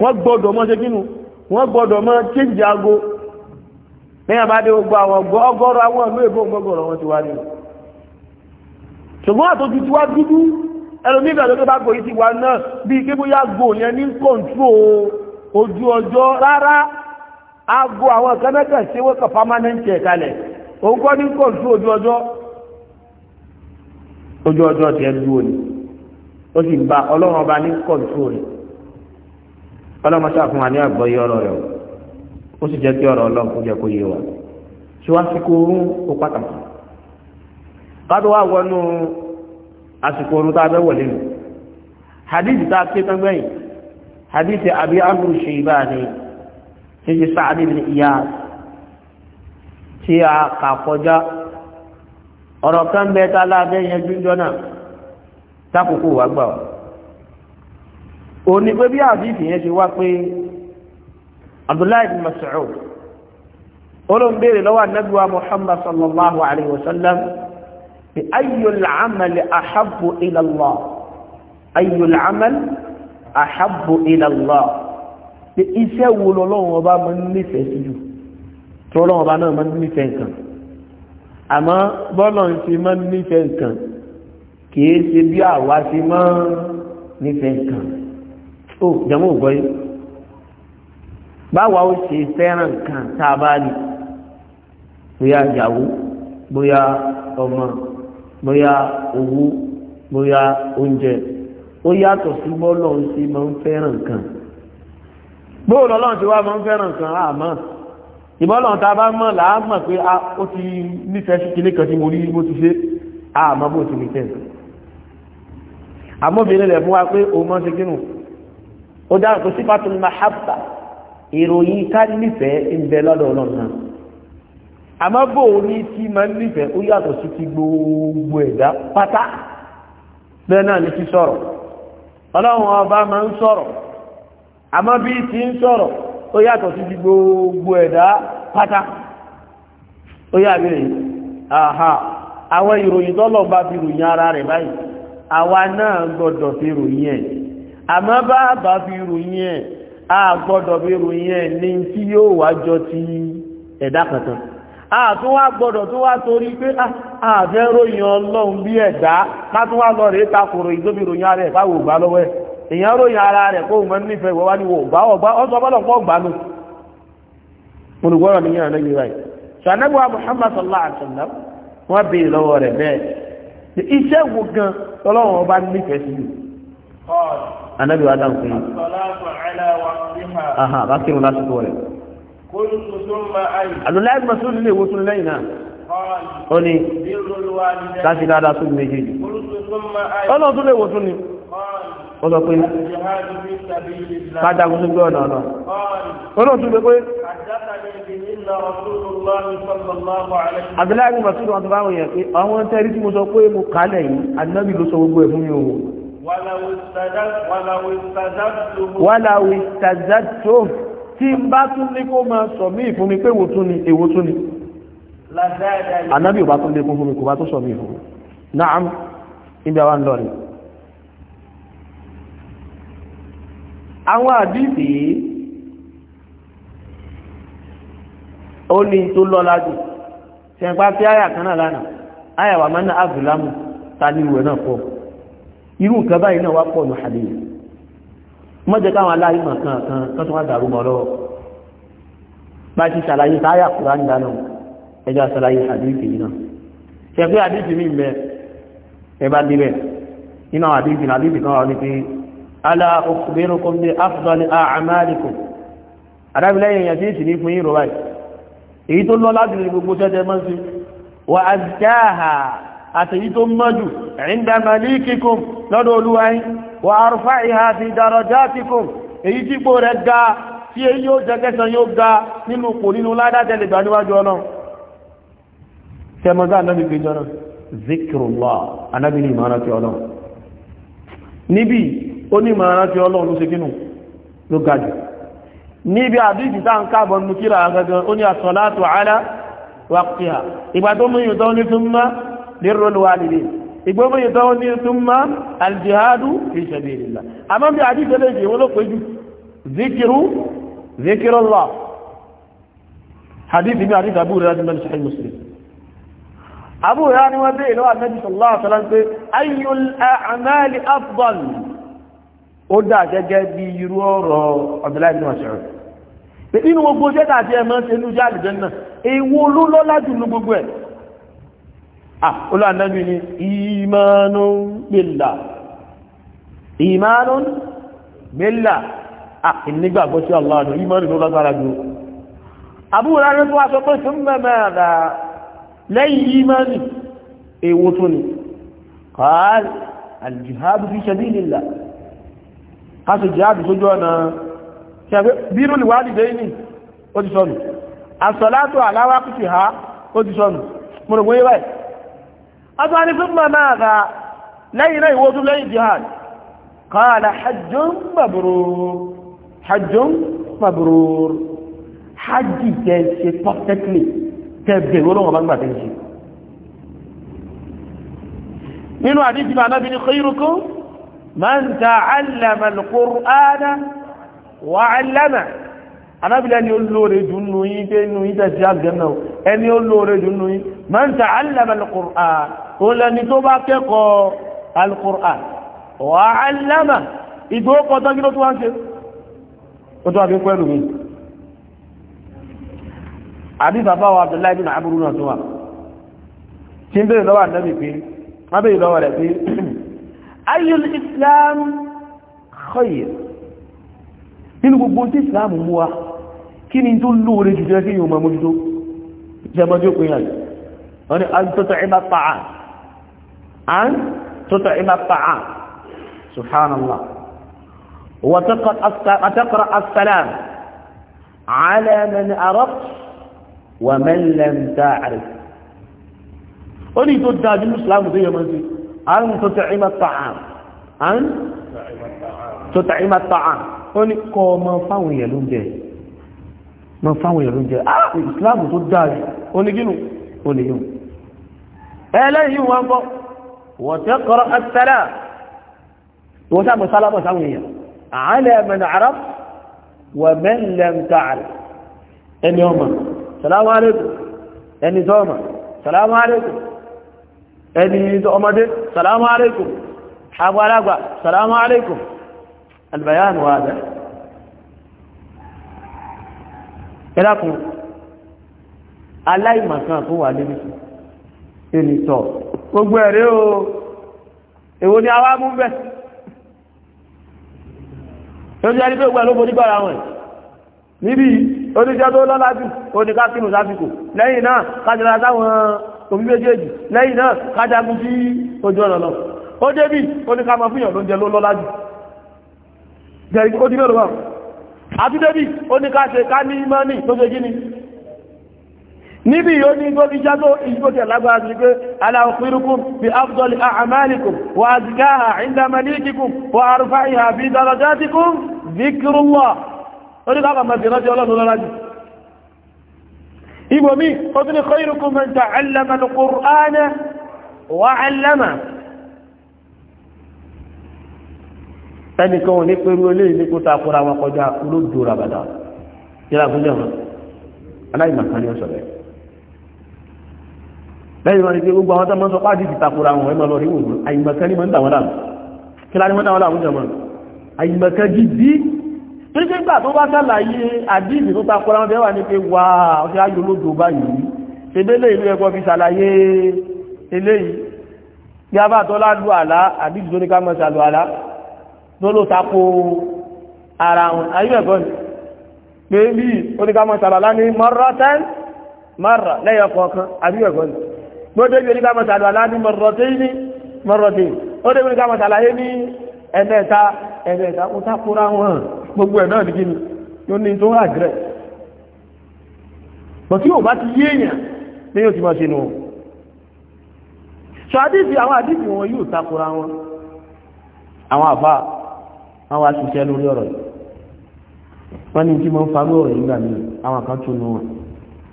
wọ́n gbọ́dọ̀ mọ́ ṣe kínú wọ́n gbọ́dọ̀ mọ́ change agbó lẹ́yìn bá dé gbogbo àwọn ọgọ́rọ̀ àwọn ìlú èbó gbọ́gọ̀rọ̀ wọn ti wá nínú ṣùgbọ́n àtọ́jú ti wá dúdú ẹlòmíbẹ̀ tó bá gòyí ti wá náà bí kébóyá gò yẹn ní control ojú ọjọ́ rárá aago àwọn kẹ́mẹ́kà sí wọ́kà permanent ẹ̀ kalẹ̀ ní kò sí ojú ọjọ́ ojú ọjọ́ tiẹ̀ dúró ni ó sì ń ba ọlọ́run ọba ní kọ̀ǹtúrò rẹ̀ ọlọ́run ṣáà fún wa ní àgbọ́yé ọ̀rọ̀ rẹ̀ ó sì jẹ́ kí ọ̀rọ̀ ọlọ́run kó jẹ́ kó yé wa oorun ó pàtàkì wọnú àsìkò oorun tá a fẹ́ wọlé nù hadith tá a ké tán gbẹ̀yìn حديث أبي عمرو الشيباني تجي سعد بن إياس tí a kà kọjá ọ̀rọ̀ kan bẹ tá a lábẹ́ yẹn jújọ náà tákòókò wá gbà wá ò ní pé bí àdìsí yẹn ṣe wá pé abdullahi bin mas'ud olóhùn béèrè lọ́wọ́ anábíwá muhammad sallallahu alayhi wa sallam bi ayyul amal ahabbu ila allah ayyul amal ahabbu ila Allah pé iṣẹ́ wo lọ́lọ́run ọba máa ń nífẹ̀ẹ́ sí jù tí ọlọ́run ọba náà máa ń nífẹ̀ẹ́ nǹkan àmọ́ bọ́lọ̀ ń ṣe máa ń nífẹ̀ẹ́ nǹkan kìí ṣe bí àwa ṣe máa ń nǹkan ó jẹ́mú ò gbọ́yé báwa ó ṣe fẹ́ràn nǹkan tá a bá rí bóyá ìyàwó bóyá ọmọ bóyá owó bóyá oúnjẹ ó yàtọ̀ sí bọ́lọ̀ ń ṣe máa ń fẹ́ràn kan bóòlù ọlọ́run ti wá máa ń fẹ́ràn kan àmọ́ ìbọ́lọ̀ ta bá mọ̀ láàmọ̀ pé ó ti nífẹ̀ẹ́ sí kìíní kan tí mo rí bó ti ṣe àmọ́ bó ti nífẹ̀ẹ́ àmọ́bìnrin rẹ̀ fún wa pé òun mọ́ ṣe kínú ó dáhùn pé sípàtún mahabba ìròyìn ká nífẹ̀ẹ́ ń bẹ lọ́dọ̀ ọlọ́run náà àmọ́ bò ó ní tí máa ń nífẹ̀ẹ́ ó yàtọ̀ sí ti gbogbo ẹ̀dá pátá bẹ́ẹ̀ náà ní ti sọ̀rọ̀ ọlọ́run ọba ma ń sọ̀rọ̀ àmọ́ bí ti ń sọ̀rọ̀ ó yàtọ̀ sí ti gbogbo ẹ̀dá pátá ó yàgbé àhà àwọn ìròyìn tọ́lọ̀ bá fi ròyìn ara rẹ̀ báyìí àwa náà gbọ́dọ̀ fi ròyìn ẹ̀ àmọ́ bá bá a fi ròyìn ẹ̀ ní tí yóò ti àtún wá gbọ́dọ̀ tó wá torí pé àfẹ́ ah, ròyìn ọlọ́run bí ẹ̀dá látún lọ rèé takòrò ìdóbi ròyìn ara ẹ̀ báwo gbá lọ́wọ́ ẹ̀ èèyàn ròyìn ara rẹ̀ kó mọ́ nífẹ̀ẹ́ ìwọ́wá ní wọ́gbá ọgbá ọsọ bọ́lọ̀ pọ̀ gbà nù olùgbọ́rọ̀ nìyàn náà yìí báyìí sànẹ́bùwà Muhammad sallallahu rẹ̀ ọba àdúlá ẹgbẹ́ tó nílé ìwò tún lẹ́yìn náà ó ní láti dáadáa tó méjèèjì ọlọ́run tún lè wò tún ni ó sọ pé kájagun tó gbé ọ̀nà ọ̀nà ọlọ́run tún lè pé àdúlá ẹgbẹ́ tó wọn tó báwọn yẹn pé àwọn tẹ́rí tí mo sọ pé mo kálẹ̀ yìí àdínábì ló tí n bá tún ní kó máa sọ mí ìfún mi pé wo tún ni èwo tún ni anábì ò bá tún lékún fún mi kò bá tún sọ mí ìfún naam ibi àwọn ń lọ ni àwọn àdìsí ó ní tó lọ́lá jù ṣẹ̀pá tí àyà kan náà lánàá àyà wà máa ń ná àbùlámù ta ní ìwé náà pọ̀ irú nǹkan báyìí náà wá pọ̀ ní àdìsí mọ́jẹ́ káwọn aláìmọ̀ kan kan tó tún wá dàrú mọ́ lọ́wọ́ bá ti ṣàlàyé táyà kúrá ń dáná ẹjọ́ ṣàlàyé àdíríkì yìí náà ṣe pé àdíríkì mi mẹ́ ẹ bá débẹ̀ iná àdíríkì náà àdíríkì kan wà ní pé alá ukhbirukum bi afdali a'malikum adábìlẹ́yìn èèyàn tí ì sì ní fún yín rọ̀ èyí tó lọ láti lè gbogbo tẹ́tẹ́ mọ́ sí wà azkaha àtẹ̀yí tó mọ́jù inda malikikum lọ́dọ̀ olúwa yín wà arfa'iha fi darajatikum èyí tí ipò rẹ̀ ga tí èyí yóò jẹ́ kẹsàn yóò ga nínú kò nínú ládàtẹ̀lẹ̀ gbà níwájú ọlọ́ tẹmọ́gá anábì gbé jọ́nà zikrullah anábì ní ìmọ̀ arántí ọlọ́ níbi ó ní ala waqtiha ìgbà tó mú ìyùntọ́ ní túnmá lérò lówà nìyí ìgbóhùn yìí tọ́wọ́ ní túnmá aljihadu fi sabilillah àmọ́ bí àdíjẹ́ lè jẹ́ wọ́n ló pẹ́jù zikiru zikirullah hadithi bí àdíjẹ́ abúrẹ́ láti muslim abúrẹ́ ni wọ́n dé ìlú àmẹ́jì sallallahu alaihi wasallam pé ayyul a'mali afdal ó dà gẹ́gẹ́ bí irú ọ̀rọ̀ Abdullahi ibn Mas'ud nínú gbogbo jẹ́ta àti ẹ̀mọ́ ṣe ní ojú àlùjẹ́ náà èwo ló lọ́lá gbogbo ẹ̀ Ah, olú ànábì ni ìmánún bíllà ìmánún bíllà ah, ìnígbàgbọ́ sí aláàdùn ìmánún ló lágbára jù àbúrò rẹ̀ tó wá sọ pé fún mẹ́mẹ́ àdá lẹ́yìn ìmánì èwo tó ni kàál aljihadu fi sabilillah kásù jihadu sójú ọ̀nà bírù lìwádìí ó ti ha ó ti sọnù ọdún ní fún màmá àgbà lẹ́yìn náà ìwọ́n tún lẹ́yìn jihad qala hajjun mabrur hajjun mabrur hajji tẹ́ ṣe perfectly tẹ́ bẹ̀rù ọlọ́wọ́n bá gbà tẹ́ anábìlẹ̀ ni ó lóore jù nù yí pé nù yí tẹ̀sí àgbẹ̀nà ẹni ó lóore jù nù yí máa ń ta alẹ́bẹ̀ alukùrà ó lẹ́ni tó bá kẹ́kọ̀ọ́ alukùrà wà á lẹ́mà ìgbó kọjọ́ kí ló tó wá ń ṣe ó tó mi àbí bàbá wa Abdullahi bin Abu náà tó wà tí ń bèèrè lọ́wọ́ ànábì pé wọ́n bèèrè lọ́wọ́ rẹ̀ pé ayul Islam khayr nínú gbogbo tí Islam mú wa kí ni tó lóore jù jẹ́ kí yóò máa mójútó jẹmọ́jú pé hàn wọ́n ni an tọ́tọ̀ ìmá pàá an tọ́tọ̀ ìmá pàá subhanallah wa taqra as-salam ala man araf wa man lam ta'rif ó ní tó dájú muslim tó yẹ mọ́ sí an tọ́tọ̀ ìmá pàá an tọ́tọ̀ ìmá pàá ó ní kọ́ ọmọ fáwọn èèyàn ló من فهو يرون جاء آه الإسلام ضداري ونجنو ونجنو إليه وانضع وتقرأ السلام وسام وسام وسامية على من عرف ومن لم تعرف إن يوم سلام عليكم إن يوم سلام عليكم إن يوم سلام عليكم حوالا السلام عليكم البيان واضح ẹlákùn aláìmọ̀kan tó wà lórí ènìtọ̀ gbogbo ẹ̀rẹ́ o èwo ni awá mú bẹ́ lórí ẹni pé gbogbo ẹ̀lógún nígbàra wọn níbi oníṣẹ́ tó lọ́lá jù oníká sínú sáfíkò lẹ́yìn náà kájọra sáwọn omi méjèèjì lẹ́yìn náà kájagun sí ojú ọ̀nà lọ ó débì oníká mọ fíyàn ló ń jẹ ló lọ́lá jù jẹ́rìí ó dí mẹ́rọ báwọn àti débì ó ní ká ṣe ká ní ìmọ́ni tó ṣe gíní níbi yóò ní tó fi já tó ìgbókẹ̀ lágbára sí pé aláwọ̀fírúkún bí afdọ́lì àmàlìkùn wà àzìkáhà ìdámalíkìkùn wà àrùfáìhà bí darajátikùn ẹnìkan ò ní pẹ̀lú eléyìí ní kó ta kóra wọn kọjá olóòjò rabada yíra fún jẹun aláìmọ̀kan ni ó sọ̀rọ̀ lẹ́yìn wọn ni pé gbogbo àwọn tó máa ń sọ pàdé ti takora wọn ẹ máa lọ rí wò wọn àìmọ̀kan ni máa ń dà wọn láàmú kí láti máa ń dà wọn láàmú jẹun àìmọ̀kan gidi títí gbà tó bá sàlàyé àdíìsì tó takora wọn bẹ́ẹ̀ wà ní pé wà ó ṣe olóòjò báyìí ṣe ìlú ẹ̀kọ́ fi sàlàyé eléyìí bí a bá tọ́lá lu àlá àdíìsì tó ní ká mọ́ sàlù àlá lọ́lọ́ tako ara wọn ayé ẹ̀kọ́ ni pé bí oníkàmọ́ sàlọ́lá ní marratan marra lẹ́yọ kọ̀ọ̀kan ayé ẹ̀kọ́ ni gbọ́dọ̀ bí oníkàmọ́ sàlọ́lá ní marrataini marrataini ó dé oníkàmọ́ sàlàyé ní ẹ̀mẹ́ta ẹ̀mẹ́ta ó takora wọn gbogbo ẹ̀ ni yóò ní tó hà gírẹ̀ bọ̀ tí ò bá ti àwọn àdìsí wọ́n wá ṣiṣẹ́ lórí ọ̀rọ̀ yìí wọ́n ní tí mo ń farú ọ̀rọ̀ yìí gbà mí àwọn kan tún nu wọn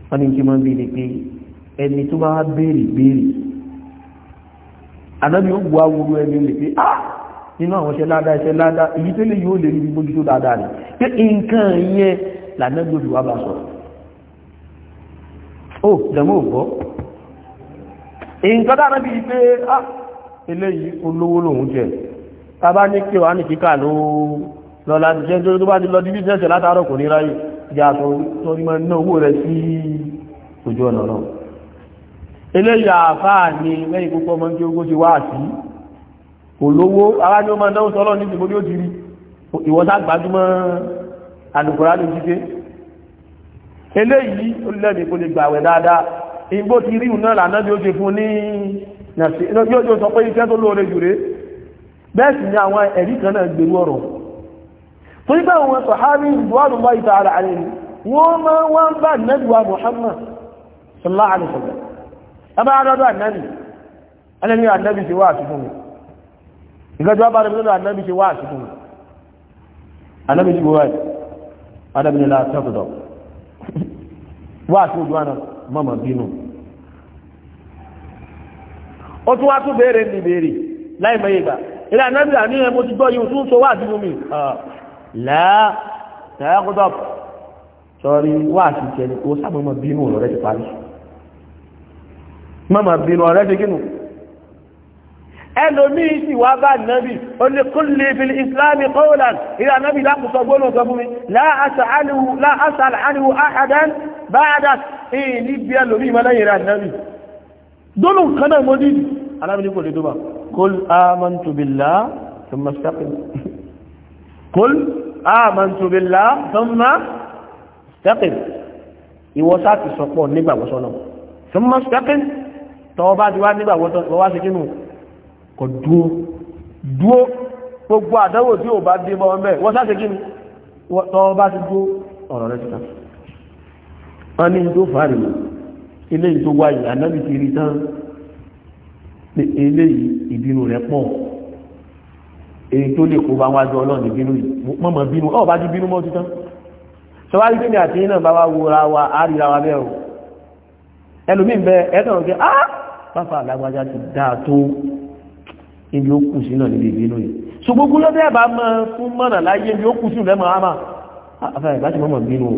wọ́n ní tí mo ń béèrè pé ẹni tó bá béèrè béèrè ànábi ó bu aworo ẹni lè pé ah nínú àwọn iṣẹ́ ládàá iṣẹ́ ládàá èyí tó lè yóò lè rí gbogbo tó dáadáa rẹ̀ pé nǹkan yẹn lànàbí òbí wa bá sọ ó dẹ̀mọ́ ò gbọ́ nǹkan dáadáa bíi pé ah eléyìí olówó lòun jẹ́ tàbá ní kí wà ní kíkà ló lọ́la ti ṣe tó bá ti lọ dídí sẹ́sẹ̀ látàárọ̀ kò ní ráyè ìjà tó ní máa ná owó rẹ̀ sí ojú ọ̀nà náà eléyà àfáà ni lẹ́yìn púpọ̀ mọ́ tí ogó ti wá sí olówó ara ní ó máa dáhùn sọ́lọ́ ní ìbò ní ó ti rí sọ pé iṣẹ́ tó lóore jù rèé bẹ́ẹ̀ sì ni àwọn ẹ̀rí kan náà gbèrú ọ̀rọ̀ tó ní bẹ́ẹ̀ wọn sọ̀hábí ìdúwàdùnbá ìta ara àrẹ ni wọ́n máa wá ń bá nẹ́dùwà Muhammad sallallahu alaihi wasallam ẹbá adọ́dọ̀ ànẹ́bì ẹlẹ́ni ànẹ́bì ṣe wá àṣìfún mi ìgbẹ́jọ́ bá rẹ̀ lọ́dọ̀ ànẹ́bì ṣe wá àṣìfún mi ànẹ́bì ṣe tún wá ní béèrè láì mẹ́yẹ̀ ilẹ̀ anábìlà ní ẹmọ ti gbọ́ yìí tún sọ wà sínú mi láà tẹ́ẹ̀kọ́tọ̀ sọrí wà sí ti ẹni kó sábà mọ bínú ọ̀rẹ́ ti parí mọ́mọ́ bínú ọ̀rẹ́ ti kínú ẹlòmíì sì wá bá nábì ó ní kó lè fi ìsìláàmì kọ́ọ̀lán ilẹ̀ anábì lákùsọ gbónà sọ fún mi alábìlì kò lè tó bá kul amantu billah thumma istaqim [laughs] kul amantu billah thumma istaqim ìwọ sáà ti sọpọ̀ nígbàgbọ́sọ́ náà thumma istaqim tọwọ́ bá ti wá nígbàgbọ́sọ́ wọ́n wá sí kínú kò dúó dúó gbogbo àdánwò tí ò bá dé bọ́ ọmọ ẹ̀ wọ́n ní tó fàárì ilé ìtò wáyé ànábì ti pé eléyìí ìbínú rẹ̀ pọ̀ èyí tó lè kó bá wájú ọlọ́run ìbínú yìí mọ̀mọ́ bínú ọ̀ bá ti bínú mọ́ títán sọwárí pé ní àti iná bá wá wo ra wa á rí ra wa bẹ́ẹ̀ o ẹlòmíín bẹ ẹ̀tọ́ rẹ̀ á pápá àlágbájá ti dáa tó ibi ó kù sí náà níbi ìbínú yìí ṣùgbọ́n gbogbo lọ́dẹ̀ bá mọ fún mọ̀nà láyé ibi ó kù sí lẹ́mọ̀ á mà àfẹ́ ìbá ti mọ̀mọ̀ bínú o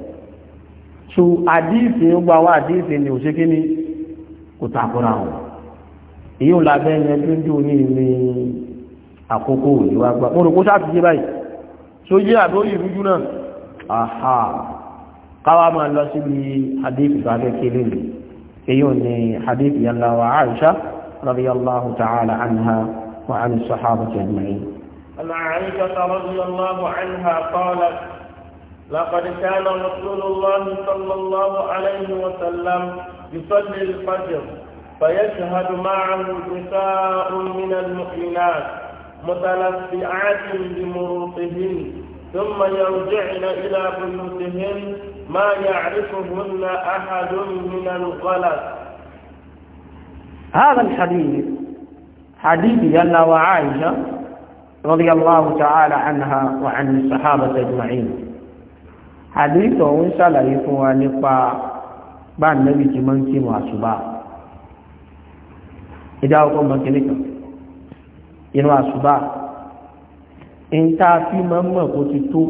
so àdíìsì ń gba wá àdíìsì ni òṣè kí ni kò takora wọn èyí ò lábẹ́ yẹn tó ń dùn ní ní àkókò ìwà gba mo rò kó sáàtúnṣe báyìí so yé àdóyè ìrújú náà aha káwa máa lọ síbi àdíìsì tó abẹ́ kéré èyí ò ní àdíìsì yẹn láwa Aisha radiyallahu ta'ala anha wa an sahaba ajma'in. عن رضي الله عنها قالت لقد كان رسول الله صلى الله عليه وسلم يصلي الفجر فيشهد معه نساء من المؤمنات متلفعات بمروطهن ثم يرجعن إلى بيوتهن ما يعرفهن أحد من الغلط هذا الحديث حديث يلا وعائشة رضي الله تعالى عنها وعن الصحابة أجمعين àdéhìtọ̀ ń ṣàlàyé fún wa nípa bá nẹ́bí ti máa ń kí wọn àṣùbà ìdá ọkọ̀ mọ̀kìnní kan inú àṣùbà ń tá a fi máa ń mọ̀ kó ti tó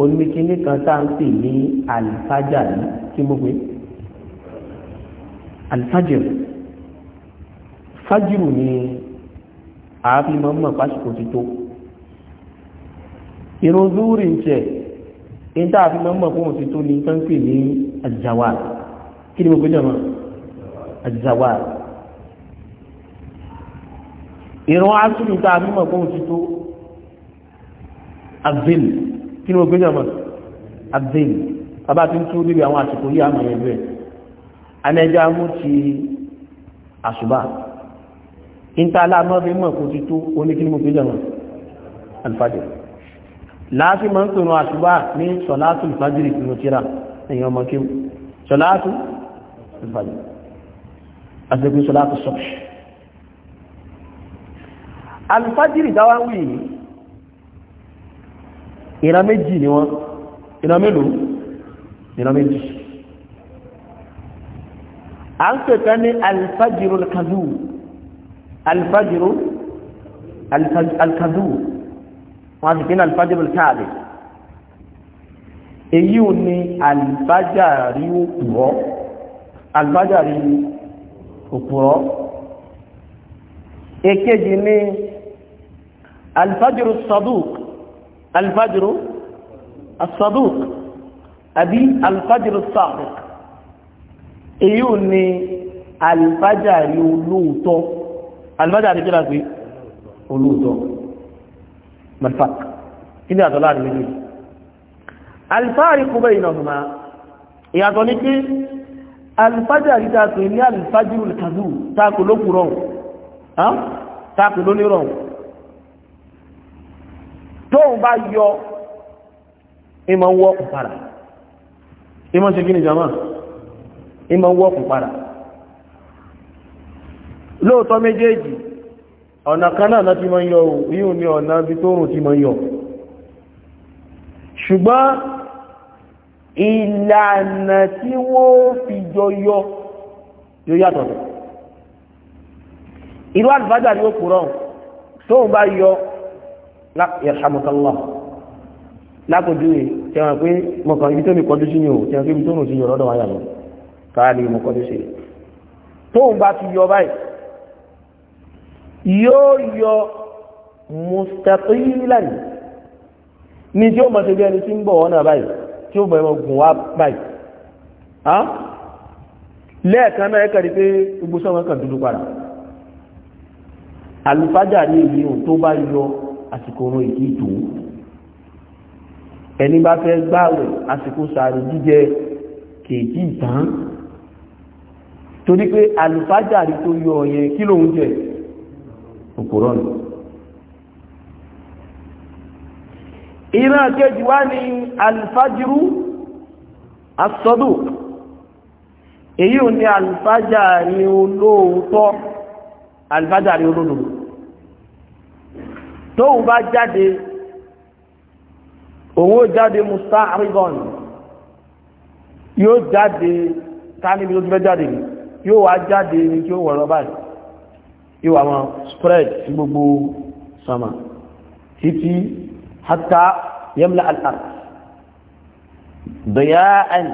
oníkìnní kan tá à ń pè ní àlìfájà yìí kí mo pè àlìfájà fájìrù ni àáfi máa ń mọ̀ pásìkò ti tó irun zúrì ń ní tá a fi máa ń mọ̀ fún òtí tó ní tó ń pè ní àjàwà kí ni mo pè jọmọ àjàwà ìran asúlù tá a fi mọ̀ fún òtí tó abdul kí ni mo pè jọmọ abdul bàbá tí ń tú níbi àwọn àsìkò yìí àmọ̀ yẹn bẹ́ẹ̀ anẹjá mú ti àṣùbà ní tá a lámọ́ fi mọ̀ fún òtí tó oníkí ni mo pè jọmọ alifájọ láti ma ń pèrún àṣùgbà ní ṣọ̀látù ìfàjìrì ìlú tíra èyàn ọmọ kéwù ṣọ̀látù ìfàjìrì àṣẹ́kù ṣọ̀látù sọ́pṣì alìfàjìrì dáwáwì ìran méjì ni wọ́n ìran mélòó ìran méjì a ń pèkẹ́ ní alìfàjìrì alkazu alìfàjìrì wọ́n ti pín alifájẹ́bù káàdì èyí ò ní alifájàrí òpùrọ́ alifájàrí òpùrọ́ èkejì ní alifájẹ́rù sadúk alifájẹ́rù sadúk àbí alifájẹ́rù sàrùk èyí ò ní alifájàrí olóòótọ́ alifájàrí kí lápé olóòótọ́ malfaq kí ni àtọ́lá àti méjì alifáàrí kú bẹ́ẹ̀ iná ọ̀hùnmá ìyàtọ̀ ní pé alifájà rí ta pè ní alifájìrù kàzù táàkù ló kù rọrùn táàkù ló ní rọrùn tóun bá yọ ìmọ̀ ń wọ́pù padà ìmọ̀ ṣe kí ni jama ìmọ̀ ń wọ́pù padà lóòótọ́ méjèèjì ọ̀nà kan náà ti mọ́ yọ yíò ní ọ̀nà bí tó rùn ti mọ́ yọ ṣùgbọ́n ìlànà tí wọ́n fi jọ yọ yóò yàtọ̀ irú àlùfájà ni ó kúrọ̀ tó ń bá yọ yarhamukallah lápòjúwe tí wọ́n pé mọ̀kàn ibi tó mi kọjú sí ni ò tí wọ́n pé ibi tó rùn sí yọ lọ́dọ̀ wáyà lọ káà ní yóò yọ mustaqilan ní tí ó mọ̀ sí bí ẹni tí ń bọ̀ wọ́n náà báyìí tí ó bọ̀ ẹmọ gùn wá báyìí lẹ́ẹ̀kan náà ẹ́kàrí pé gbogbo sọ́wọ́n kan dúdú padà alùfájà ní ìlú ohun tó bá yọ àsìkò orun ìdí ìtò ẹni bá fẹ́ gbáwẹ̀ àsìkò sàárì jíjẹ kèjì ìtàn torí pé alùfájà rí tó yọ ọ̀yẹn kí lóun jẹ́ òpòrọ́ nù. ìran kejì wá ní alifajiru asọ́dù èyí ò ní alifájà ní olóòótọ́ alifájà ní olóòótọ́ tóun bá jáde òun ó jáde musa arigon yóò jáde tani bí ó ti fẹ́ jáde yóò wá jáde ní tí ó wọ̀rọ̀ báyìí ìwà wọn spread sí gbogbo sama títí hatta yamla al-ard daya'an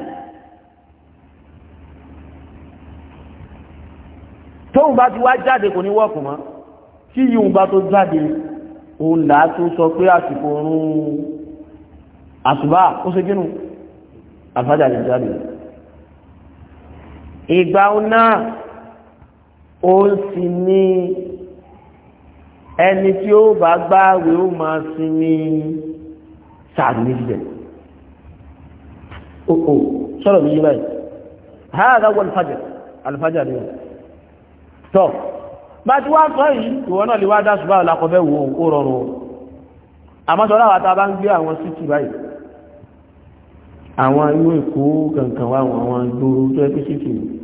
tóun bá ti wá jáde kò ní wọ́ọ̀kù mọ́ tí yíun bá tó jáde òun là á tún sọ pé àsìkò oorun àsùbá ó ṣe gínú àfájà lè ìgbà náà ó sì ní ẹni tí ó bá gbààwẹ̀ ó máa sinmi sàmìlẹ̀ òkò oh, oh, sọ̀rọ̀ mi yí báyìí hàdà wọ alifájà alifájà ni tọ́ bá ti wá sọ yìí ìwọ̀n náà lè wá dá ṣùgbọ́n alákọ̀ọ́fẹ́ wo ó rọrùn o àmọ́sọ̀rọ̀ àwọn àtàbá ń gbé àwọn síkì báyìí àwọn irú èkó kankan wá àwọn ìgboro tó ẹgbẹ́ síkì yìí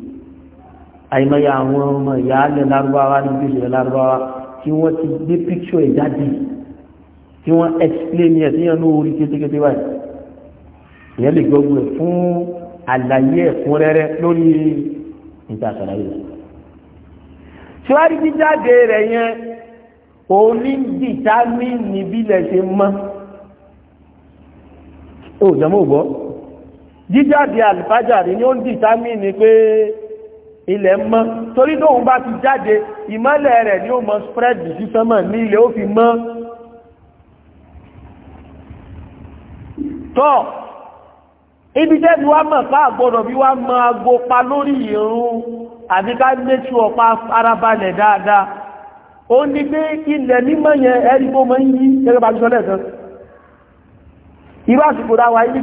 àìmọye àwọn ọmọ ìyáálẹ̀ lárúbáwá níbi ìṣẹ̀lẹ̀ lárúbáwá tí wọ́n ti gbé píkṣọ ẹ̀ jáde wọ́n explain ẹ̀ sí ẹnu orí kétékété báyìí ìyẹn lè gbọ́gbọ́ ẹ̀ fún àlàyé ẹ̀kúnrẹ́rẹ́ lórí níta àṣàlàyé rẹ̀. ṣíwájú jíjáde rẹ̀ yẹn òun ní dìtámì níbílẹ̀ ṣe mọ́ ó jẹ́ mọ́ gbọ́ jíjáde àlùfájà rẹ̀ ni ó ń dìtámì ni pé ilẹ̀ mọ́ torí tóun bá ti jáde ìmọ́lẹ̀ rẹ̀ ni ó mọ spread sí sánmà ní ilẹ̀ ó fi mọ́ tọ́ ibi jẹ́ bí wá mọ̀ ká àgbọ̀dọ̀ bí wá mọ ago pa lórí ìrun àbí ká méjì ọ̀pá arábalẹ̀ dáadáa ó ní pé ilẹ̀ mímọ́ yẹn ẹ̀rí tó mọ́ yí ẹgbẹ́ bá jùlọ kan irú àsìkò dáwà ilé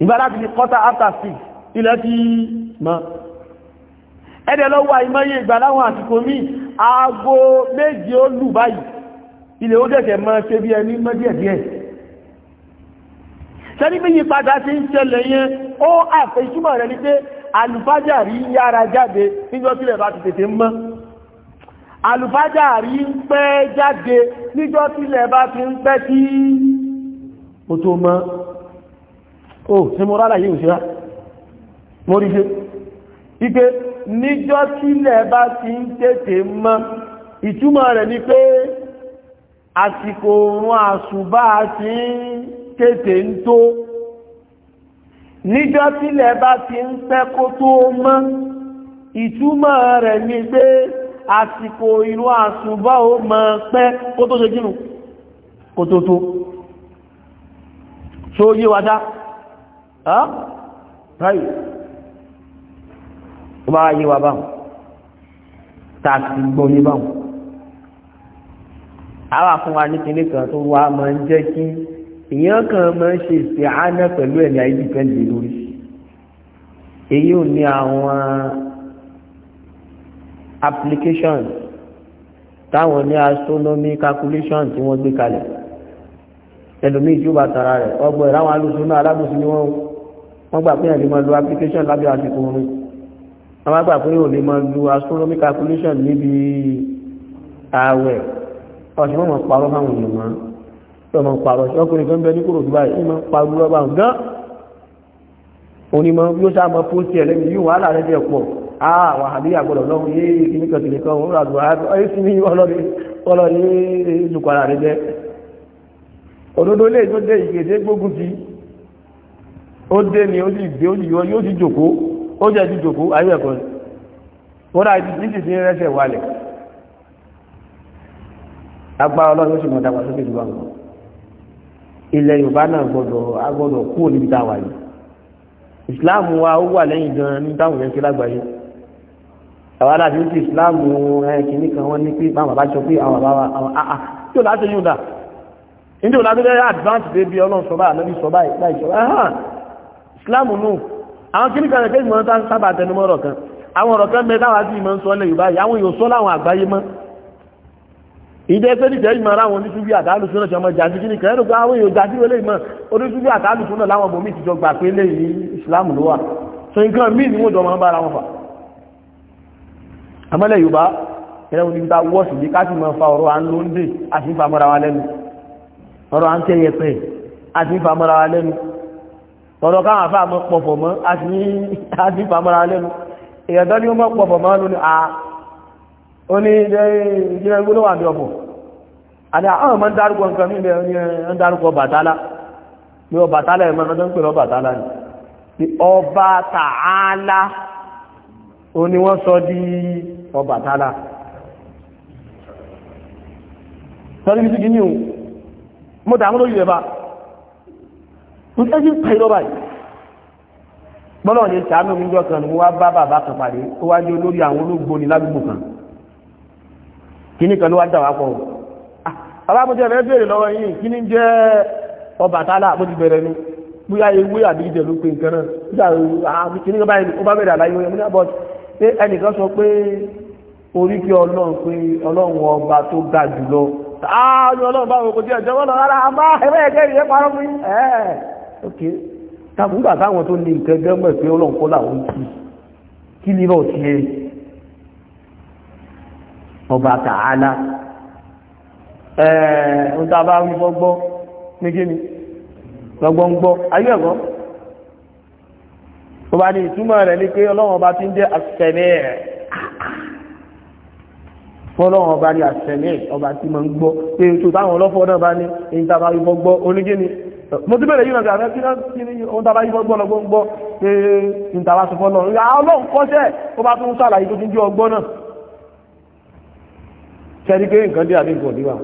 ìbára ti di quarter after six ilẹ̀ ti mọ́ ẹ̀dẹ̀ lọ́wọ́ àìmọ́yé ìgbà láwọn àsìkò mí aago méje ó lù báyìí ilẹ̀ ó dẹ̀kẹ̀ mọ́ ṣe bí ẹni mọ́ díẹ̀díẹ̀ sẹ́ni bí yípadà ti ń ṣẹlẹ̀ yẹn ó àfẹ́ ìtumọ̀ rẹ̀ ni pé ti tètè pẹ́ jáde níjọ́ tílẹ̀ bá ti ń pẹ́ tí ó tó mọ́ ó oh, sí mo rárá yìí òṣèrá mo rí ṣe ike níjọ́ tílẹ̀ bá ti ń tètè mọ́ ìtumọ̀ rẹ̀ ni pé àsìkò òun àṣùbá ti ń tètè ń tó níjọ́ tílẹ̀ bá ti ń pẹ́ kó tó mọ́ ìtumọ̀ rẹ̀ ni pé àsìkò ìrun àṣùbá ó mọ́ pẹ́ kó tó ṣe jínú kó tó tó ṣó yíwájá ah báyìí ó bá yé wa báwọn tá a ti gbọ́ yé báwọn àwa fún wa ní kinní kan tó wá máa ń jẹ́ kí èèyàn kan máa ń ṣe ìsìn àánà pẹ̀lú ẹ̀mí ayé dìpẹ́ǹdì lórí èyí ò ní àwọn applications táwọn ní astronomy calculation tí wọ́n gbé kalẹ̀ ẹlòmíì tí tara rẹ̀ ọgbọ́n ìráwọn alùsùn náà alábùsùn ni wọ́n wọ́n gbà pé ẹ̀lẹ́ máa lo application lábẹ́ àsìkò orin àwọn àgbà pé ò lè máa lo astronomy calculation níbi ààwẹ̀ ọ̀sẹ̀ mọ̀ parọ́ fáwọn èèyàn mọ́ tí wọ́n parọ́ sí ọkùnrin kan bẹ ní kúrò dubai ní máa parọ́ lọ́gbà gán onímọ̀ yóò sá mọ́ pósí ẹ̀ yóò wàhálà rẹ̀ jẹ́ pọ̀ ah wàhálà àgbọ̀dọ̀ lọ́wọ́ yéé kìnnìkan kìnnìkan òun rà lọ́wọ́ ayé sí ní ọlọ́rin ọlọ́rin ìlú kwara rẹ̀ jẹ́ òdodo lè tó ó dé ni ó sì gbé ó sì yọ yóò sì jòkó ó jẹ́ ti jòkó ayé ẹ̀kọ́ ni wọ́n ráyé ní ti fi rẹ́sẹ̀ wálẹ̀ agbára ọlọ́run ó sì mọ̀ dàgbà sókè jù wà mọ́ ilẹ̀ yorùbá náà gbọ́dọ̀ agbọ́dọ̀ kúrò níbi tá a wà yìí islam wa ó wà lẹ́yìn gan ní táwọn yẹn ti lágbàáyé àwọn aláàbí ti islam ẹ̀kìnní kan wọ́n ní pé báwọn bàbá sọ pé àwọn bàbá àwọn àà tí ò láti yóò dà nítorí wọn láti rẹ́ advance baby ọlọ́run sọ báyìí láì sọ báyìí láì sọ báyìí Islamu nù àwọn kí ní kan ẹ̀kẹ́ ìmọ̀ tá sábà tẹnumọ́ ọ̀rọ̀ kan àwọn ọ̀rọ̀ kan bẹ táwa sí ìmọ̀ ń sọ ilẹ̀ yorùbá yìí àwọn èèyàn sọ láwọn àgbáyé mọ́ ìdẹ́ pé nìkẹ́ ìmọ̀ láwọn oníṣubí àtàlùsùn náà ṣọmọ jàǹdí kí ní kan ẹ̀rọ pé àwọn so nǹkan míì ni wọ́n jọ máa ń bára wọn fà àmọ́lẹ̀ yorùbá ẹ̀rẹ́ wọn nígbà wọ́ọ̀sì bí káàkiri máa fa ọ̀rọ̀ à ọ̀rọ̀ káwọn afá mọ́ pọ̀fọ̀ mọ́ a ti pàmọ́ra lẹ́nu ìyẹ̀dọ́ ni ó mọ́ pọ̀fọ̀ mọ́ lónìí a ó ní ìjìnlẹ̀ gbóná wà ní ọ̀fọ̀ àti àwọn ọmọ ń dárúkọ nǹkan ní ilẹ̀ ń dárúkọ bàtálá ní ọba tálá ẹ̀mọ́ ọdún pẹ̀lú ọba tálá ni ọba tààlá ó ní wọ́n sọ di ọba tálá sọ́dún bí sí kí ní o mo dàmú lórí rẹ̀ nǹkan tí ń pè lọ́ba yìí gbọ́dọ̀ lè sàánú mi jọ kan mo bá bàbá kan pàdé ó wá jẹ́ olórí àwọn olóògbò ní kan kan ló wá dà wá pọ̀ rẹ̀ ah, lọ́wọ́ yìí jẹ́ ti bẹ̀rẹ̀ ni bóyá ewé àbí ìjẹ̀ ló pe nǹkan náà sọ pé orí kí ọlọ́run pé ọlọ́run ọba tó ok tàbùgbà táwọn tó ní nǹkan gẹ́mọ̀ pé ọlọ́nkọ́ làwọn kí kí ní lọ sí ẹ ọba tààlà ẹ̀ẹ́ ń tàbá wí fọ́gbọ́ ní kíni lọ́gbọ́n gbọ́ ayé ẹ̀kọ́ tó bá ní ìtumọ̀ rẹ̀ ní pé ọlọ́wọ́n bá ti ń jẹ́ àṣẹ̀mẹ́ ẹ̀ fọ́lọ́wọ́n bá ní àṣẹ̀mẹ́ ọba tí ma ń gbọ́ pé tó táwọn ọlọ́fọ́ náà bá ní ìtàbá wí fọ́gbọ́ oníkíni mo ti bẹ̀rẹ̀ yìí náà gàrẹ́ kí náà kí ní ohun tàbá yíwọ́ gbọ́nà gbọ́ngbọ́ pé ìtàwà sọ fọ́nà ọlọ́run kọ́ṣẹ́ ó bá tún sàlàyé tó ti jẹ́ ọgbọ́n náà kẹ́rí pé nǹkan dé àbí nǹkan òdíwà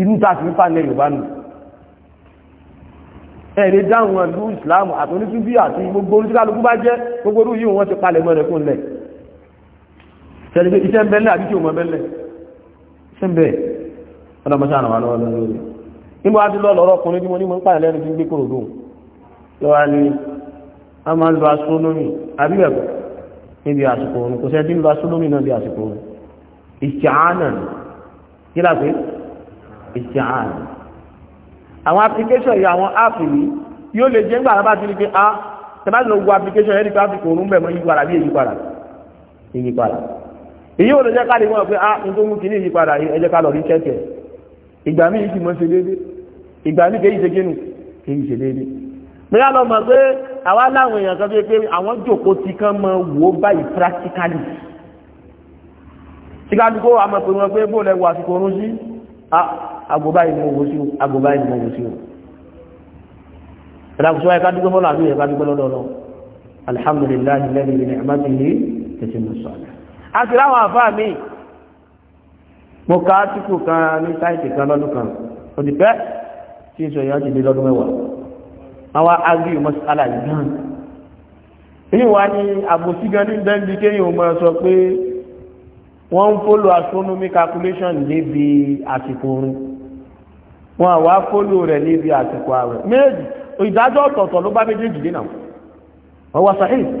inú ta sí ń fà ní yorùbá nù ẹ̀rẹ́ dáhùn wọn lú ìsìláàmù àti onísúbí àti gbogbo onísìláàlùkú bá jẹ́ gbogbo orú yìí wọ́n ti palẹ̀ mọ́ rẹ̀ kó lẹ̀ kẹ́rí pé iṣẹ́ ń bẹ́lẹ̀ àbí tí ò mọ́ bẹ́lẹ̀ iṣẹ́ ń bẹ́ẹ̀ ọlọ́mọṣẹ́ àràwà lọ́wọ́ lọ́wọ́ níbo á ti lọ lọ́rọ̀ ọkùnrin tí mo ní mo ń pàdé lẹ́nu tí ń gbé kòrò lóhùn lọ́wọ́ ni a máa ń lo astronomy abíbẹ̀kọ̀ níbi àsìkò òun kò sẹ́ tí ń lo astronomy náà bí àsìkò òun ìṣàánà kí lápé ìṣàánà àwọn application yìí àwọn app yìí yóò lè jẹ́ ńgbà bá ti rí pé a tẹ́bá lọ gbogbo application yẹn ní pé àsìkò òun bẹ̀ mọ́ yípadà bí èyípadà èyípadà èyí ò lè jẹ́ ká lè mọ̀ pé a nítorí mú kí ní ìyípadà ẹjẹ́ ká lọ rí kẹ́kẹ́ ìgbà míì sì mọ́ ṣe déédé ìgbà míì kéyìí ṣe kínú kéyìí ṣe déédé bóyá lọ mọ̀ pé àwa láwọn èèyàn kan pé àwọn jòkó ti kán mọ wò báyìí practically sígájú kó àmọ̀ pé wọ́n pé bóòlẹ̀ wà sí korún sí àgbòbá ìmọ̀wò sí àgbòbá ìmọ̀wò sí o ìdàkùsọ ẹ̀ká dúgbẹ́ fọ́lá àbí ẹ̀ká dúgbẹ́ lọ́dọọlọ́ alhamdulillahi lẹ́nu ìrìn àmájì ní tẹ̀sí mọ̀sán mo ka átíkù kan ní sáìtì kan lọ́dún kan òdìpẹ́ tí ìṣọ̀ èèyàn ti di lọ́dún mẹ́wàá àwọn agri mọ́sálà yìí gan ní wàá ní àbòsí gan ní bẹ́ńbí kéyìn ò máa sọ pé wọ́n ń fólò astronomy calculation níbi àsìkò oorun wọn àwa fólò rẹ̀ níbi àsìkò ààrẹ méjì ìdájọ́ ọ̀tọ̀ọ̀tọ̀ ló bá méjèèjì dínà wọ́n wá sáyẹ́ǹsì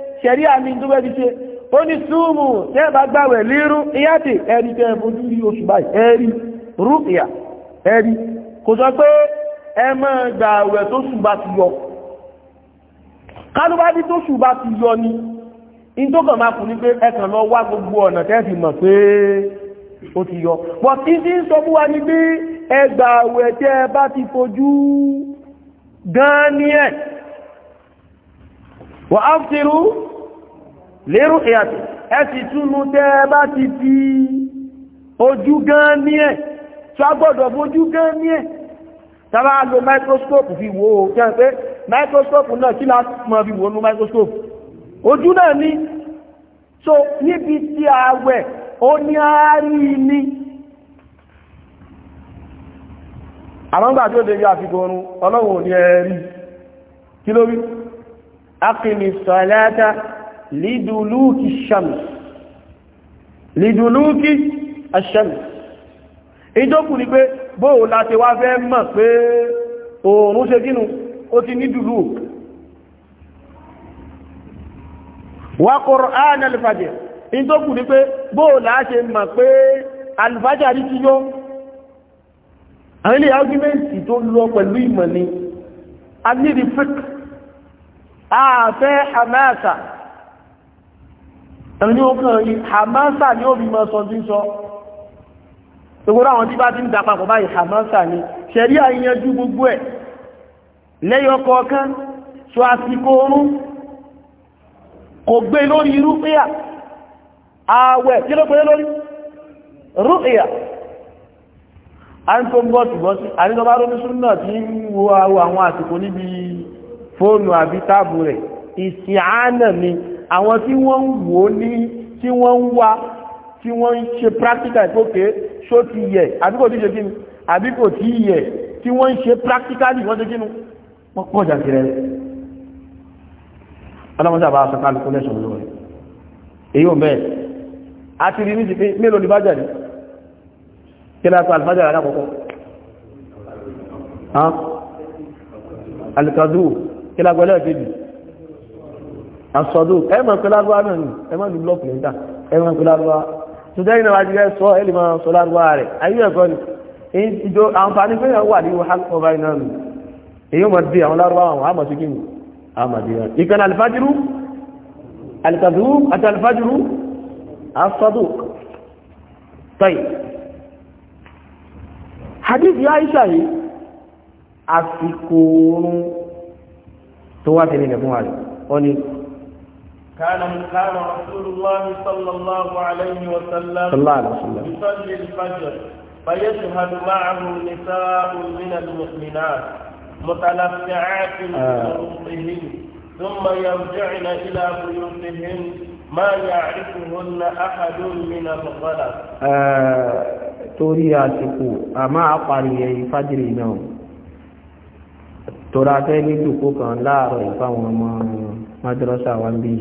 ṣẹ̀rí àmì tó bẹ́ẹ̀ ti ṣe ó ní súnmù tẹ́ bá gbàwẹ̀ lérú ìyáàtì ẹ̀rí tẹ́ fojú rí oṣù báyìí ẹ̀rí rúkìá ẹ̀rí kò sọ pé ẹ máa gbàwẹ̀ tó ṣù bá ti yọ kálúbádí tó ṣù ti yọ ni in tó kàn máa kù ní pé ẹ kàn lọ wá gbogbo ọ̀nà tẹ́ fi mọ̀ pé ó ti yọ pọ̀ tí tí ń sọ fún wa ní pé ẹ gbàwẹ̀ tẹ́ bá ti fojú gan-an ní ẹ̀ wà á fìrú lérò ìyàtì ẹ sì túnú tẹ́ bá ti fi ojú gan ní ẹ̀ tó a gbọ́dọ̀ fojú gan ní ẹ̀ tàbá lo microscope fi wo tẹ́ pé microscope náà kí láti mọ̀ fi wo nú microscope ojú náà ní so níbi tí àwẹ̀ ó ní àárí ní àwọn gbà tí ó dé yá àfikún ọlọ́run ò ní ẹ̀rí kí ló rí أقم الصلاة لدلوك الشمس لدلوك الشمس ìjókù ni pé bóò láti wá fẹ́ mọ̀ pé oòrùn ṣe gínú ó ti ní dùlù wà Qur'an al-Fajr ìjókù ni pé bóò láti mọ̀ pé al-Fajr rí ti yó àwọn argument tó lọ pẹ̀lú ìmọ̀ ni a ní rí àfẹ́ hamasa ẹni ó kàn rí hamasa ni ó bí mọ́ sọ tí ń sọ gbogbo àwọn tí bá ti ń da papọ̀ báyìí hamasa ni ṣẹ̀rí àyíyanjú gbogbo ẹ̀ lẹ́yọ kọ̀ọ̀kan sọ àsìkò oorun kò gbé lórí rúpíà ààwẹ̀ tí ló pẹ́ lórí rúpíà a ń tó ń bọ́ ṣùgbọ́n sí àrídọ́bá rónú súnmọ̀ tí ń wo àwọn àsìkò níbi fóònù àbí táàbù rẹ̀ ìsìn àánà ni àwọn tí wọ́n ń wò ó ní tí wọ́n ń wá tí wọ́n ń ṣe practical ìkókè ṣó ti yẹ àbí kò tí ṣe kí ni àbí kò tí yẹ tí wọ́n ń ṣe practically wọ́n ṣe kí ni wọ́n pọ̀ jà tirẹ̀ ọlọ́mọdé àbá aṣọ kálukú lẹ́sọ̀ lọ́wọ́ èyí ò bẹ́ẹ̀ a ti rí ní ti pé mélòó kílágbọ́ ẹlẹ́ẹ̀kejì àsọdún ẹ mọ̀ kílágbọ́ náà ni ẹ má lu blọọkì lẹ́ńdà ẹ mọ̀ kílágbọ́ tùdẹ́ iná wájú rẹ sọ ẹ lè máa sọ lágbọ́ rẹ ayé ẹ̀kọ́ ni ìjọ àǹfààní pé wà ní halkọ́ báyìí náà nù èyí mọ̀ dé àwọn lárúbá àwọn àmọ̀ sí kíni àmàdé rẹ ìkànnì alifajiru alikadu àti alifajiru asọdún tọ́yì hadithi Aisha yìí àsìkò tó wá tẹ̀lé ilẹ̀ fún wa rẹ̀ ọ ni. كان رسول الله صلى الله عليه وسلم يصلي الفجر فيشهد معه نساء من المؤمنات متلفعات برؤوسهن ثم يرجعن إلى بيوتهن ما يعرفهن أحد من الغلط. torí àsìkò àmọ́ àparí ẹ̀yìn fájìrì náà tọ́ra fẹ́ ní jòkó kan láàárọ̀ ìfáwọn ọmọ madrasa wa ń bí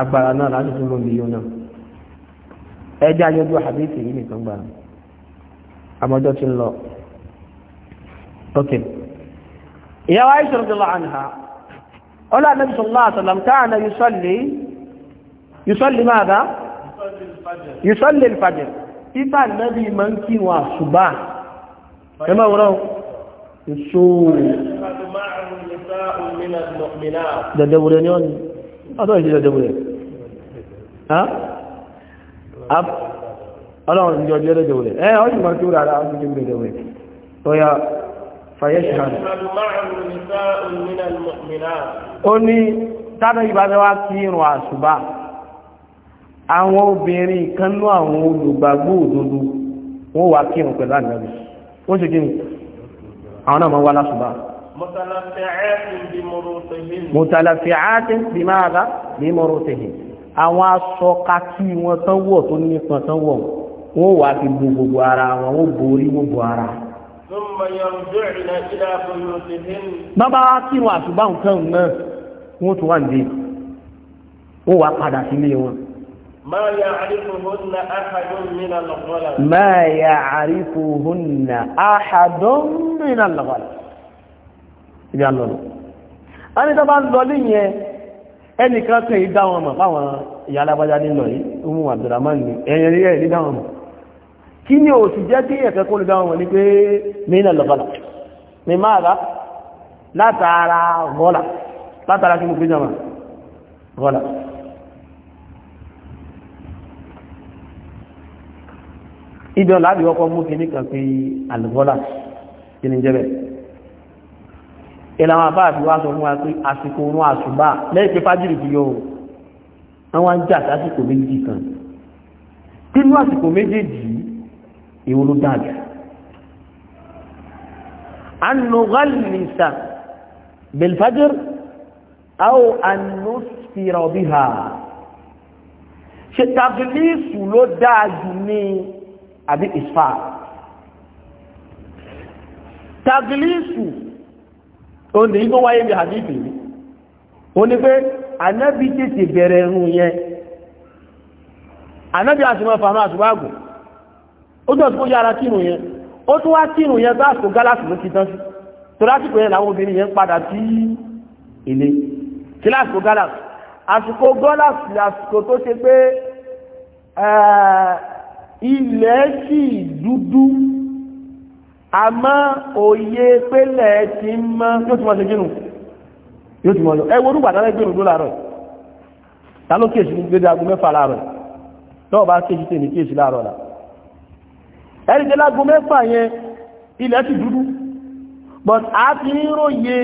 agbára náà láti tún lóun bí yóò náà ẹjẹ́ ayọ́jú àbíkì yìí nìkan gbà àmọ́jọ́ ti ń lọ okay ìyàwó Aisha radiyallahu anha ọlá Ànábì sallallahu alaihi wasallam kana yusalli yusalli madha yusalli al-fajr títà nẹ́bí máa ń kírun àṣùbà ẹ máa wọ́n èso dẹ̀dẹ̀wùrẹ̀ ni wọ́n ni ọdọ́ ìdí dẹ̀dẹ̀wùrẹ̀ ọlọ́run ìjọ jẹ́ dẹ̀dẹ̀wùrẹ̀ ẹ ọ́ yìí máa kí ó rà láàrín ìjọ dẹ̀dẹ̀wùrẹ̀ ó yá fayẹ́ṣàn ó ní tàbí ìbájọ́wá kí irun àṣùbá àwọn obìnrin kan ní àwọn olùgbàgbọ́ òdodo wọ́n wà kírun pẹ̀lú ànábì ó ṣe kíni àwọn náà máa wá lásùbà. mutalafi'atin bí máa bá bí murutihin àwọn aṣọ kakí wọn tán wọ̀ tó nípọn tán wọ̀ wọn wà fi gbogbo ara wọn wọn borí gbogbo ara. bàbá kírun àṣùbà nǹkan náà wọn tún wà níbi wọn wà padà sílé wọn. ما يعرفهن أحد من الغلط ما يعرفهن أحد من الغلط ibi àlọ́ lọ. a ní tọ́bá ń lọ ní yẹn ẹnìkan tẹ́ ìdá wọn mọ̀ fáwọn ìyá alábájá nílọ yìí ohun Abdurrahman ní ẹ̀yẹn rí ẹ̀rí dá wọn mọ̀ kí ni ò sì jẹ́ kí ẹ̀kẹ́ kó lè mọ̀ ní pé mìíràn lọ́gọ́là ibi ọ̀la àbí ọkọ̀ mú kìíní kan pé àlùbọ́là kí ni jẹ́ bẹ́ẹ̀. ìlànà àbá àbí wá sọ fún wa pé àsìkò oorun àṣùbà lẹ́yìn pé fájìrì ti yọ wọn wá ń jà sásìkò méjì kan nínú àsìkò méjèèjì èwo ló dáa jù. belfajir aw anusfira ṣe tabilisu ló dáa jù ní àbí ìfà tagilisu o ní tó wáyé bí hadithi ní o ní pé anábi tètè bẹ̀rẹ̀ ẹ̀rùn yẹn anábi àṣìmọ̀ fàmà àṣùgbàgù ó jọ tó yára kírun yẹn ó tún wá kírun yẹn tó àṣìkò gálàsì ló ti tán sí tó lásìkò yẹn làwọn obìnrin yẹn padà sí ilé kí lásìkò àsìkò gálàsì àsìkò tó ṣe pé ilẹ̀ sì dúdú àmọ́ òye pélẹ̀ ti mọ́ yóò ti mọ́ ṣe gínú yóò ti mọ́ lọ ẹwọ́n rúgbà náà gbèrò ló láàárọ̀ ta ló kéèsì ní gbédé aago mẹ́fà láàárọ̀ tọ́wọ́ bá kéèsì tèmi kéèsì láàárọ̀ là ẹni tẹ́lá aago mẹ́fà yẹn ilẹ̀ sì dúdú but a ti ń ròye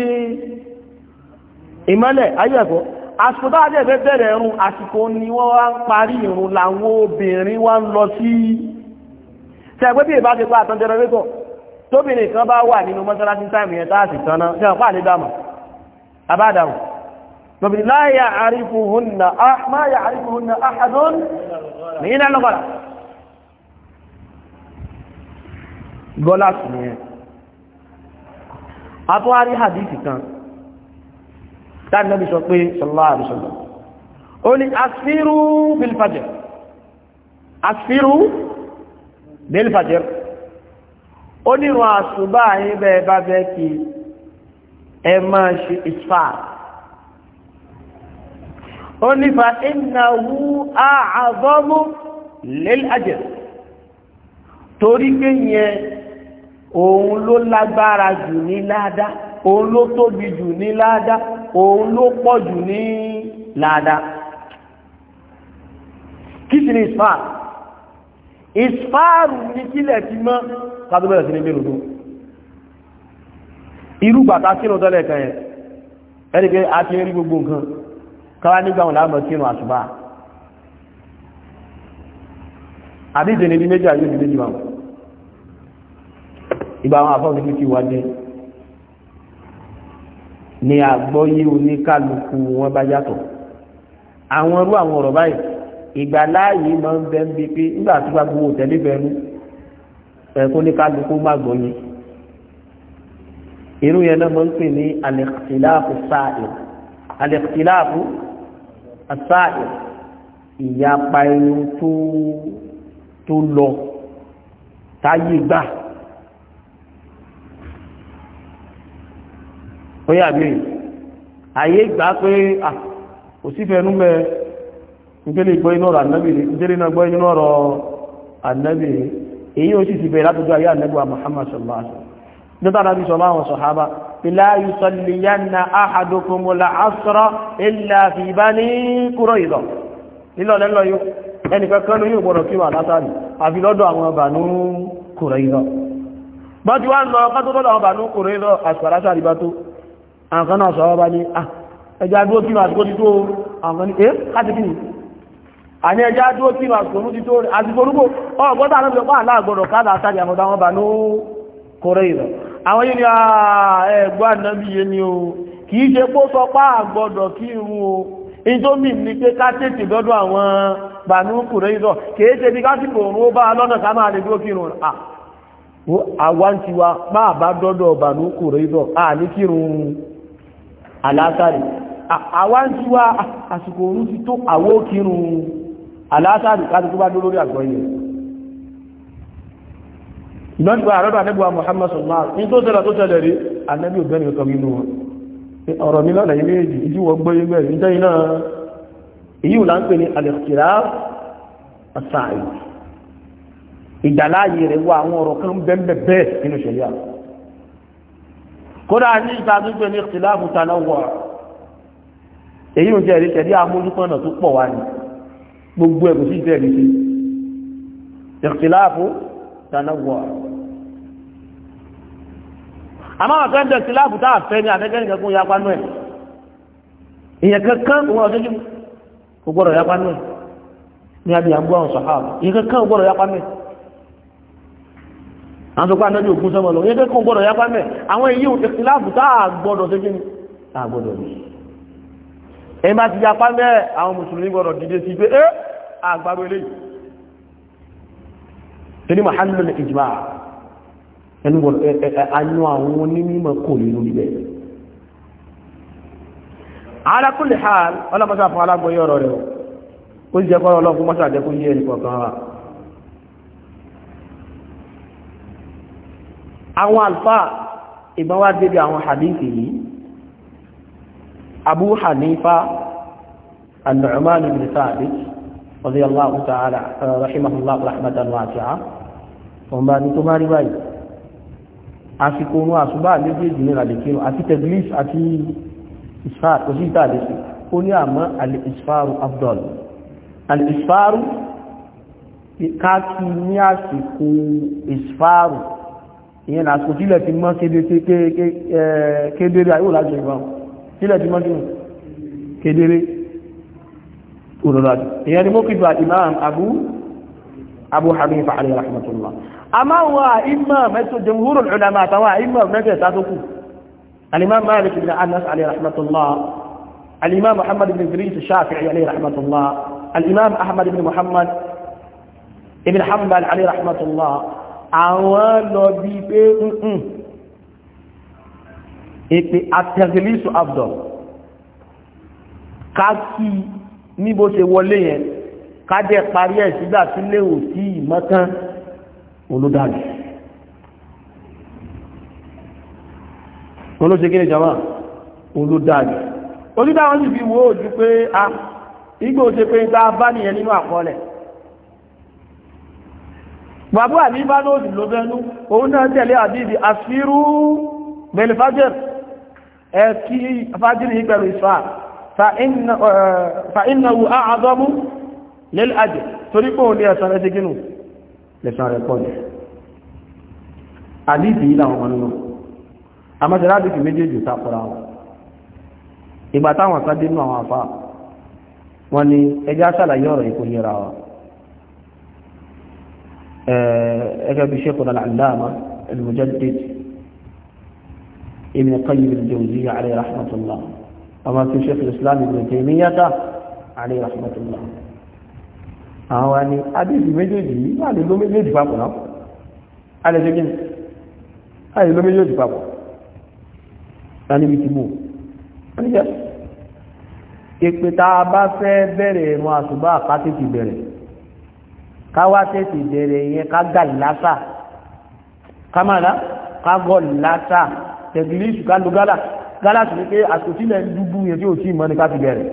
ìmọ́lẹ̀ ayé ẹ̀kọ́ àsìkò tó àjẹ́ ìfẹ́ bẹ̀rẹ̀ ẹ̀rùn àsìkò ni wọ́n wá ń parí ìrùn làwọn obìnrin wá ń lọ sí tẹ́gbẹ́ bí ìbá ti pa àtàn jẹrẹrétọ̀ tóbìnrin kan bá wà nínú mọ́sálásí táìmù yẹn táàsì kaná jẹ́ tánàbí sọ pé sallallahu alaihi wasallam ó ní asfíru bilfajr asfíru bilfajr ó ní ìrun àṣùbá ayébẹ́ bá bẹ́ kí ẹ máa ṣe ìsfà ó ní fa innahu a'zamu lil ajr torí pé òun ló lágbára jù ní ládá òun ló tóbi jù ní ládá òun ló pọ̀ jù ní làádá kí sí ni isfar isfar ní kílẹ̀ ti mọ́ kátó bẹ̀rẹ̀ sí ní mẹ́rùn ún irú bàtà sínú tọ́lẹ̀ kan yẹn ẹni pé a ti rí gbogbo nǹkan káwá nígbà wọn láàmọ̀ sínú àṣùbà àbí ìdènà ibi méjì àyè òbí wọn ìgbà àwọn àfọ́ ni àgbọ́yé oníkálukú wọn bá yàtọ̀ àwọn irú àwọn ọ̀rọ̀ báyìí ìgbà láàyè máa ń bẹ ń bi pé nígbà tí wàá gbowó tẹ́lẹ̀ fẹ́nu ẹ̀kọ́ oníkálukú má gbọ́yé irú yẹn náà máa ń pè ní al-ikhtilafu as-sa'ir al-ikhtilafu as tó lọ táyé gbà. ó yà mí àyè gbà pé òsífẹ́nu mẹ́ ìgbélé ìgbọ́ inú ọ̀rọ̀ ànábì ìgbélé náà gbọ́ inú ọ̀rọ̀ ànábì èyí ó sì ti bẹ̀rẹ̀ látọjú ayé ànábì wa Muhammad sallallahu alaihi wasallam dọ́tà náà bí sọ láwọn sọ̀hábà la yusalliyanna ahadukumul asra illa fi bani Qurayza nílọ̀lẹ́lọ́ yóò ẹnìkankan ní ìgbọ̀nà kí wà látàrí àfi àṣàrásà àríbátó àwọn náà sọ́wọ́ bá ní ah, ẹjá dúó kí ti tó àwọn ni àní ẹjá dúó kí àsìkò ti tó eh, àsìkò rúgbò ọgbọ́ta náà pẹ̀lú aláàgbọ̀rọ̀ káàdà àtàrí àwọn bá ní ìrọ̀ àwọn yìí ni ah, ẹgbọ́ ànábì o ìjọmí pé ká tètè àwọn bí bá lọ́nà ká máa lè kí ah, àwọn máa bá dọ́dọ̀ alásàrì àwa ń tí wá àsìkò orú ti tó àwọ́ kírun alásàrì káàkiri tó bá dó lórí àgbọ́ ilẹ̀ ìlọ́dìbà àrọ́dọ̀ anẹ́bùwa Muhammad sallallahu alaihi wasallam ní tó ṣẹlẹ̀ tó ṣẹlẹ̀ rí anẹ́bì ògbẹ́ni ọ̀tọ̀ nínú wọn ọ̀rọ̀ mi lọ́nà ilé èjì ìjú wọ́n gbọ́ ilé ẹ̀rí jẹ́ iná èyí là ń pè ní alẹ́kìrá àṣà ìgbàláyè rẹ̀ wà àwọn ọ̀rọ̀ kan bẹ́ẹ̀ bẹ́ẹ̀ nínú ṣẹlẹ̀ àwọn kódà ní ìtàdúgbé ní ìtìláàfù tàná wọ̀ èyí ń jẹ́rìí tẹ̀lé amójúpọ̀nà tó pọ̀ wá ní gbogbo ẹ̀kù sí ìtẹ̀rí sí ìtìláàfù tàná wọ̀ àmọ́ àwọn kan jẹ́ ìtìláàfù tá àfẹ́ ní àfẹ́gẹ́ nìkan kún yapa náà ìyẹn kankan òun ọ̀dọ́jú kò gbọ́dọ̀ yapa náà ní abiyàgbọ́ àwọn àwọn tó kọ́ anájú òkú sọ́mọ́ lọ yẹ́dẹ́ kó gbọ́dọ̀ yápá mẹ́ àwọn èyí ìtìláàbù tá a gbọ́dọ̀ tó kí ni a gbọ́dọ̀ ní ẹ̀yìn bá ti yápá mẹ́ àwọn mùsùlùmí gbọ́dọ̀ dìde sí pé ẹ́ àgbàrú eléyìí tó ní mahalu ní ìjìmá ẹnu gbọ́dọ̀ anú àwọn onímọ̀ kò ní lórí bẹ́ẹ̀ alákùnlé hàn ọlọ́mọsá àwọn alfa ìgbọ́n wá débi àwọn hadithi yìí abu hanifa an-nu'man ibn thabit radiyallahu ta'ala rahimahullah rahmatan wasi'a wọ́n bá ní tó bá rí báyìí àsìkò ohun àṣùbá méjèèjì ní àlèkérò àti tẹ̀glif àti isfar kò sí ìta àlèsì ó ní àmọ́ al-isfaru afdal káàkiri ní àsìkò isfaru ìyẹn lásìkò tílẹ̀ ti mọ́ kedere ayó lájọ ìbọn tílẹ̀ ti mọ́ sínú kedere olùlọ́dún ìyẹn ni mọ́kìtù àti imam abu abu hanifa alayhi rahmatullah a máa wà ìmọ̀ mẹ́tò jẹmúhúrùn ulama àtàwà ìmọ̀ الإمام محمد بن إدريس الشافعي عليه رحمة الله الإمام أحمد بن محمد بن حنبل عليه رحمة الله àwọn lọ bí pé ǹkan èpè àtẹ̀gẹ̀lẹ́sù abdọ̀ ká kí ní bó ṣe wọlé yẹn ká jẹ́ parí ẹ̀ sígbà tí léwò sí ìmọ́tán olódàlù wọn ló ṣe kí ní jama olódàlù olódàlù sì fi wo ojú pé a ah, igbó ṣe pé ń tá bá nìyẹn nínú àkọọ́lẹ̀ bàbá àmì bá lóòdì ló bẹ́nu òun náà tẹ̀lé àdídì àfírú bẹ̀lì fájẹ̀r ẹ kí fájìrì yìí pẹ̀lú ìfà fa iná wu àádọ́mú lẹ́lẹ́ àjẹ́ torí pé òun ní ẹ̀sán rẹ̀ ṣégínú lẹ́sán rẹ̀ pọ̀jù àdídì yìí làwọn ọmọ nínú àmọ́sẹ̀ láti méjèèjì takọra wọn ìgbà táwọn kan dínú أجاب شيخنا العلامة المجدد ابن قيم الجوزية عليه رحمة الله أما في شيخ الإسلام ابن تيمية عليه رحمة الله àwọn ni adéjì méjèèjì yìí wà ní ló méjèèjì papọ̀ náà alẹ́jẹ́ gíní àyè ló méjèèjì papọ̀ láti ibi tìbò ẹni jẹ́ ìpẹta bá fẹ́ bẹ̀rẹ̀ ẹ̀rùn àṣùbá àkátì ti bẹ̀rẹ̀ ká wá tètè bẹ̀rẹ̀ yẹn ká gà lásà ká má lá ká gọ̀ lásà tẹ̀gìlíṣù ká lo gálà gálà sì ní pé àsòsílẹ̀ ń dúdú yẹn tí ò tí ì mọ́ ni ká fi bẹ̀rẹ̀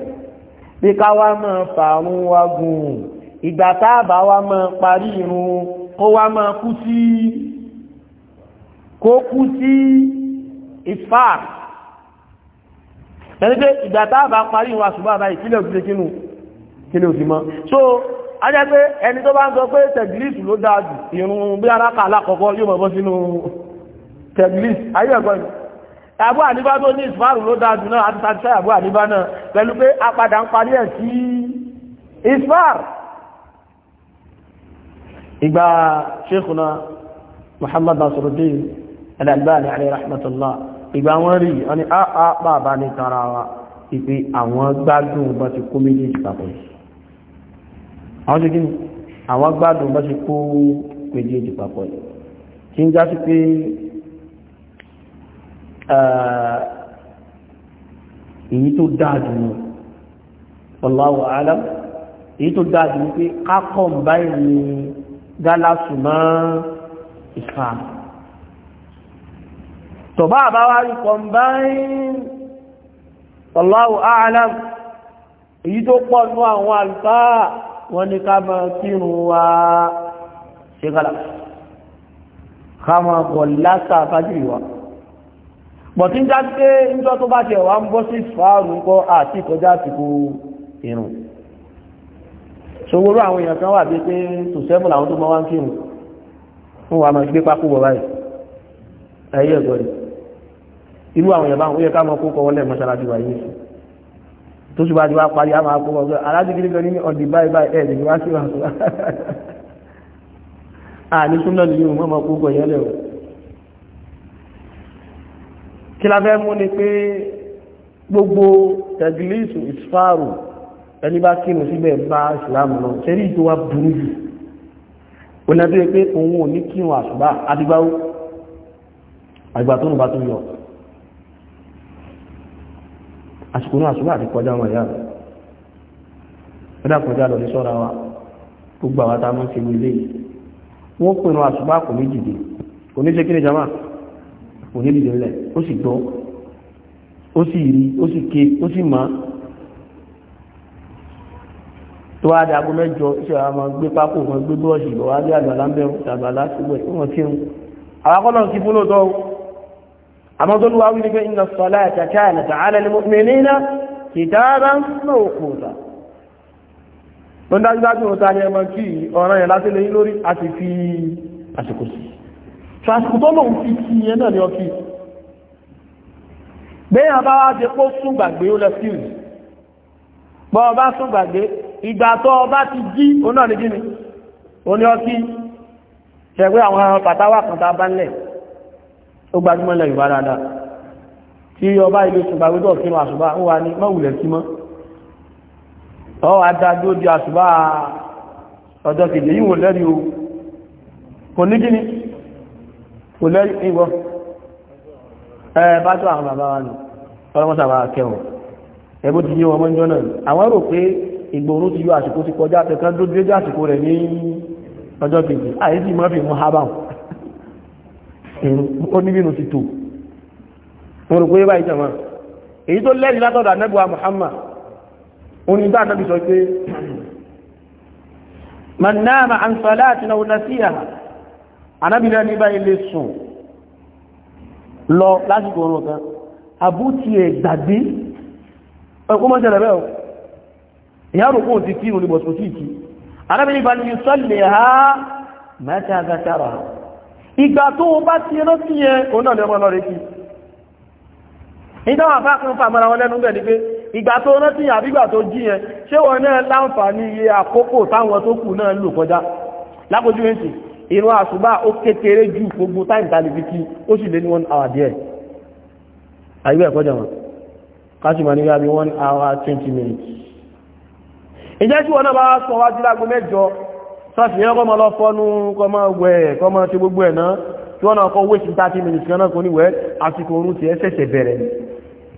pé ká wá máa fààrùn wa gùn ìgbà táàbà wa máa parí irun kó wá máa kú sí kó kú sí ìfáà ẹni pé ìgbà táàbà parí irun àṣùgbọ́n àbá ìpínlẹ̀ òfin kínú kí òfin mọ́ so ajẹ́ pé ẹni tó bá ń sọ pé tẹ̀gìlìsì ló dáa jù ìrun bí aráka alákọ̀ọ́kọ́ yóò mọ̀ bọ́ sínú tẹ̀gìlìsì ayé ẹ̀kọ́ ni àbú àníbá tó ní ìsìfàrù ló dáa jù náà àti sàtíṣẹ́ àbú àníbá náà pẹ̀lú pé apadà ń parí ẹ̀ sí ìsìfàrù ìgbà ṣékùnà Muhammad Nasiruddin Al-Albani alayhi rahmatullah ìgbà wọn rí wọn ni a ah, a ah, bàbá ní tara wa ìpé àwọn gbádùn bá ti kó ìpapọ̀ yìí àwọn ṣe gíní àwọn gbádùn bá ṣe kó méjèèjì papọ̀ yìí tí ń já sí pé eh, èyí tó dáadù ní wallahu alam èyí tó dáadù ní pé kákọ̀ báyìí ní gálásù mọ́ islam tọ̀bá àbáwá rí combine wallahu alam èyí tó pọ̀ nú àwọn àlùfáà wọ́n ní ká máa kírun wa ṣe kálá ká máa bọ̀ lásà fájìrì wa bọ̀tí ń dájú pé níjọ́ tó bá jẹ̀ wá ń bọ́ sí fàárùn kọ́ àti ìkọjá àsìkò irun ṣòwòrò àwọn èèyàn kan wà bí pé tò sẹ́mù làwọn tó mọ́ wá ń kírun fún wa máa gbé pákó wọ báyìí ẹ̀yẹ́ ẹ̀gọ́ rẹ̀ irú àwọn èèyàn báwọn ó yẹ ká mọ́ kó kọ́ wọlé mọ́ṣáláṣí wa yìí tó ṣùgbọ́n àti wá parí àwọn akọ́wọ́ ọ̀gá aláàdìgírí gan ní ọ̀dì báyìí báyìí ẹ̀ lè wá sí wà sọ́wọ́ àní súnmọ́ nìyí mọ́ mọ́ púpọ̀ yẹn lẹ́wọ̀ kí la fẹ́ mú ni pé gbogbo tẹ̀gìlísù ìsfàrù ẹni bá kí mo síbẹ̀ bá ìsìlámù lọ sẹ́rí ìjọ wa burú jù ó náà tó yẹ pé òun ò ní kírun àṣùbà àdìgbà àgbà tó nù bá tó yọ àsìkò náà àsìkò àti kọjá wọn ìyá rẹ̀ ẹ̀dá kọjá lọ ní sọ́ra wa gbogbo àwọn tá a máa ń fi wí lé wọ́n pinnu àsìkò àkò ní dìde kò ní ṣe kí ni jama kò ní dìde ńlẹ̀ ó sì gbọ́ ó sì rí ó sì ké ó sì mọ̀ tó wá dé aago mẹ́jọ ṣe àwọn ọmọ gbé pákó wọn gbé búrọ́ọ̀ṣì lọ́wọ́ á dé àgbàlá ń bẹ̀rù àgbàlá síbẹ̀ ó wọ́n kírun àwọn akọ́lọ́ ti fún lóòótọ́ àmọ́ tó lúwa wípé inna salata kanat ala al-mu'minina kitaban mawquta tó ń dájúdájú òta ni ẹmọ kí ọ̀ràn yẹn láti lẹ́yìn lórí a ti fi àsìkò sí ṣàṣìkò tó lòun fi kí yẹn náà ni ọ kí gbéyàn bá wá ti kó sún gbàgbé ó lọ sí ìrì bọ́ ọba sún gbàgbé ìgbà tó ọba ti jí òun náà ní kí ni òun ni ọ kí ṣẹ̀gbé kan tá a bá ó gbajúmọ̀ lẹ̀ yorùbá dáadáa tí ọba ilé ṣùgbà wíjọ́ kínú àṣùbá ó wà ní mọ́wùlẹ̀ kí mọ́ ọwọ́ adájú ó di àṣùbá ọjọ́ kìdí yíwò lẹ́rí o kò ní gíní kò lẹ́rí ìwọ ẹ bá tó àwọn bàbá wa nù ọlọ́mọ́sà bá kẹwọ̀ ẹbó ti yí ọmọ ìjọ náà àwọn rò pé ìgbòrò ti yọ àsìkò ti kọjá tẹ̀kan dójú àsìkò rẹ̀ ní ọjọ́ kìdí àyíkì mọ́fì mọ́ hábàmù irun ó ní bínú ti tò mo rò pé báyìí jàmá èyí tó lẹ́rìí látọ̀dọ̀ anẹ́bùwa Muhammad ó ní bá anẹ́bì sọ pé man nama an salati na nasiha anẹ́bì náà ní báyìí lè sùn lọ lásìkò orun kan àbútí ẹ̀ gbàgbé ẹ̀kọ́ mọ́ ṣẹlẹ̀ bẹ́ẹ̀ ìyá rò kóhùn ti kírun ní sí ìkí anẹ́bì ní bá sọ́lẹ̀ ha mẹ́ta gàtàrà ìgbà tó o bá ti rántí yẹn òun náà lọ́mọ lọ́rẹ́ kí ìdáwọn àbá kan fàmọ́ra wọn lẹ́nu bẹ̀ ni pé ìgbà tó rántí yẹn àbígbà tó jí yẹn ṣé wọn náà láǹfààní iye àkókò táwọn tó kù náà lò kọjá lápójú méjì ìrun àṣùbá ó kékeré ju gbogbo táìmù tàbí fi kí ó sì lé ní one hour díẹ̀ àyíbẹ̀ ẹ̀kọ́jà wọn kásìmọ̀ ní bí one hour twenty minutes ìjẹ́ tí wọn náà bá sọ wájú lágbo mẹ́jọ sáfihàn kọ́ ma lọ fọ́nú kọ́ ma wẹ̀ kọ́ ma ṣe gbogbo ẹ̀ náà tí wọ́n náà kọ́ wéṣì 30 minutes kan náà kò ní wẹ́ àsìkò orun ti ẹ́sẹ̀ṣẹ̀ bẹ̀rẹ̀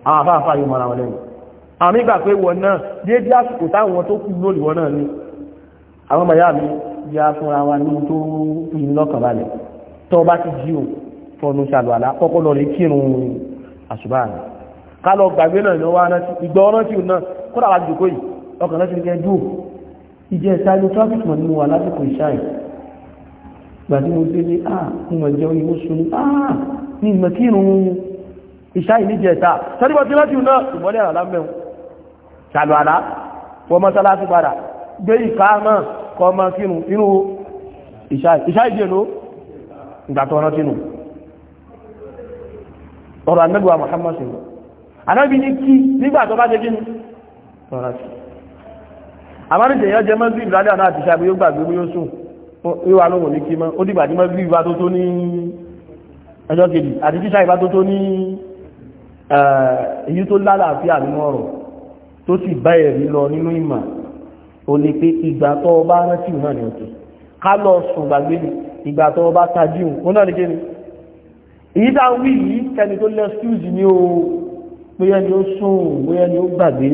àwọn afáàfá yóò mara wọn lẹ́nu àmì ìgbà pé wọn náà déédé àsìkò táwọn tó kú lórí wọn náà ni àwọn màyà mi bí a fúnra wa ní tó yìí lọ́kàn balẹ̀ tó bá ti jí o fọnú ṣàlùwàlá kọ́kọ́ lọ rí kírun àṣùbà rẹ̀ ká lọ gbàgbé náà ìnáwó aná ìgbọ́ ọ̀rán tí ò náà kó ìjẹ́ ìsáájú traffic man ni mo wà lásìkò ìṣáì gbà tí mo dé ní àà ah, mo mọ̀ jẹun ìwó sun àà ní ìmọ̀ kí irun ìṣáì ní jẹta sọ́díbọ̀ tí láti náà ìbọ́lẹ̀ àlá mẹ́un ṣàlù àlá wọ́n mọ́sálásí padà gbé ìka náà kọ́ mọ́ kírun inú ìṣáì ìṣáì jẹ́ ló ìgbà tó rántí àbáríṣẹ́ yẹn jẹ́ mọ́gírì lálẹ́ àná àti ṣàbí yóò gbàgbé yóò sùn yóò wà lóhùn ní kí mọ́ ó dìgbà tí mọ́gírì bá tó tó ní ẹjọ́ kejì àti tíṣà ìbá tó tó ní èyí tó lálàáfíà nínú ọ̀rọ̀ tó sì bá ẹ̀rí lọ nínú ìmọ̀ ò ní pé ìgbà tó o bá rántí náà ni òkè ká lọ sùn gbàgbé ìgbà tó o bá tají òun náà ni kí ni èyí tá wí yìí kẹni tó lẹ́sùn ní o bóyá ni ó sùn bóyá ni ó gbàgbé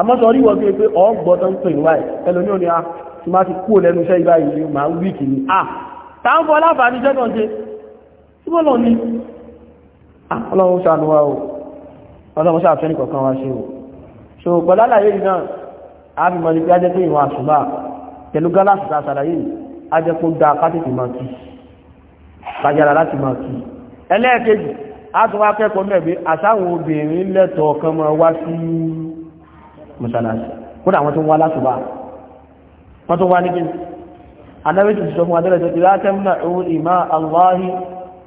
àmọ́sọ rí wọ́n tó pé ọgbọ́ tó ń pè ní wáyé ẹlòmí ò ní a ah, ti máa ti kúrò lẹ́nu iṣẹ́ ibá yìí máa ń wíkì ní à táwọn fọ́ lábàáni jẹ́ náà ṣe tí wọ́n lọ ní ah, ọlọ́run ṣàánú wa o ọlọ́run ṣàfẹ́ni kọ̀ọ̀kan wa ṣe o so pẹ̀lálàyé yìí náà a fi mọ̀ ní pé a jẹ́ pé ìwọ̀n àṣùbà pẹ̀lú gálàsì ta ṣàlàyé a jẹ́ kó da pátìkì máa kì kájára láti máa kì ẹlẹ́ẹ̀kejì a tún wá kẹ́kọ̀ọ́ mẹ́gbẹ́ àṣàwọn obìnrin lẹ́tọ̀ọ́ kan máa wá sí mọ́sálásí kódà wọ́n tún wá lásùbà wọ́n tún wá ní gíní anábì tó ti sọ fún adẹ́rẹ́ tó ti láti mọ̀ òun ìmá aláhi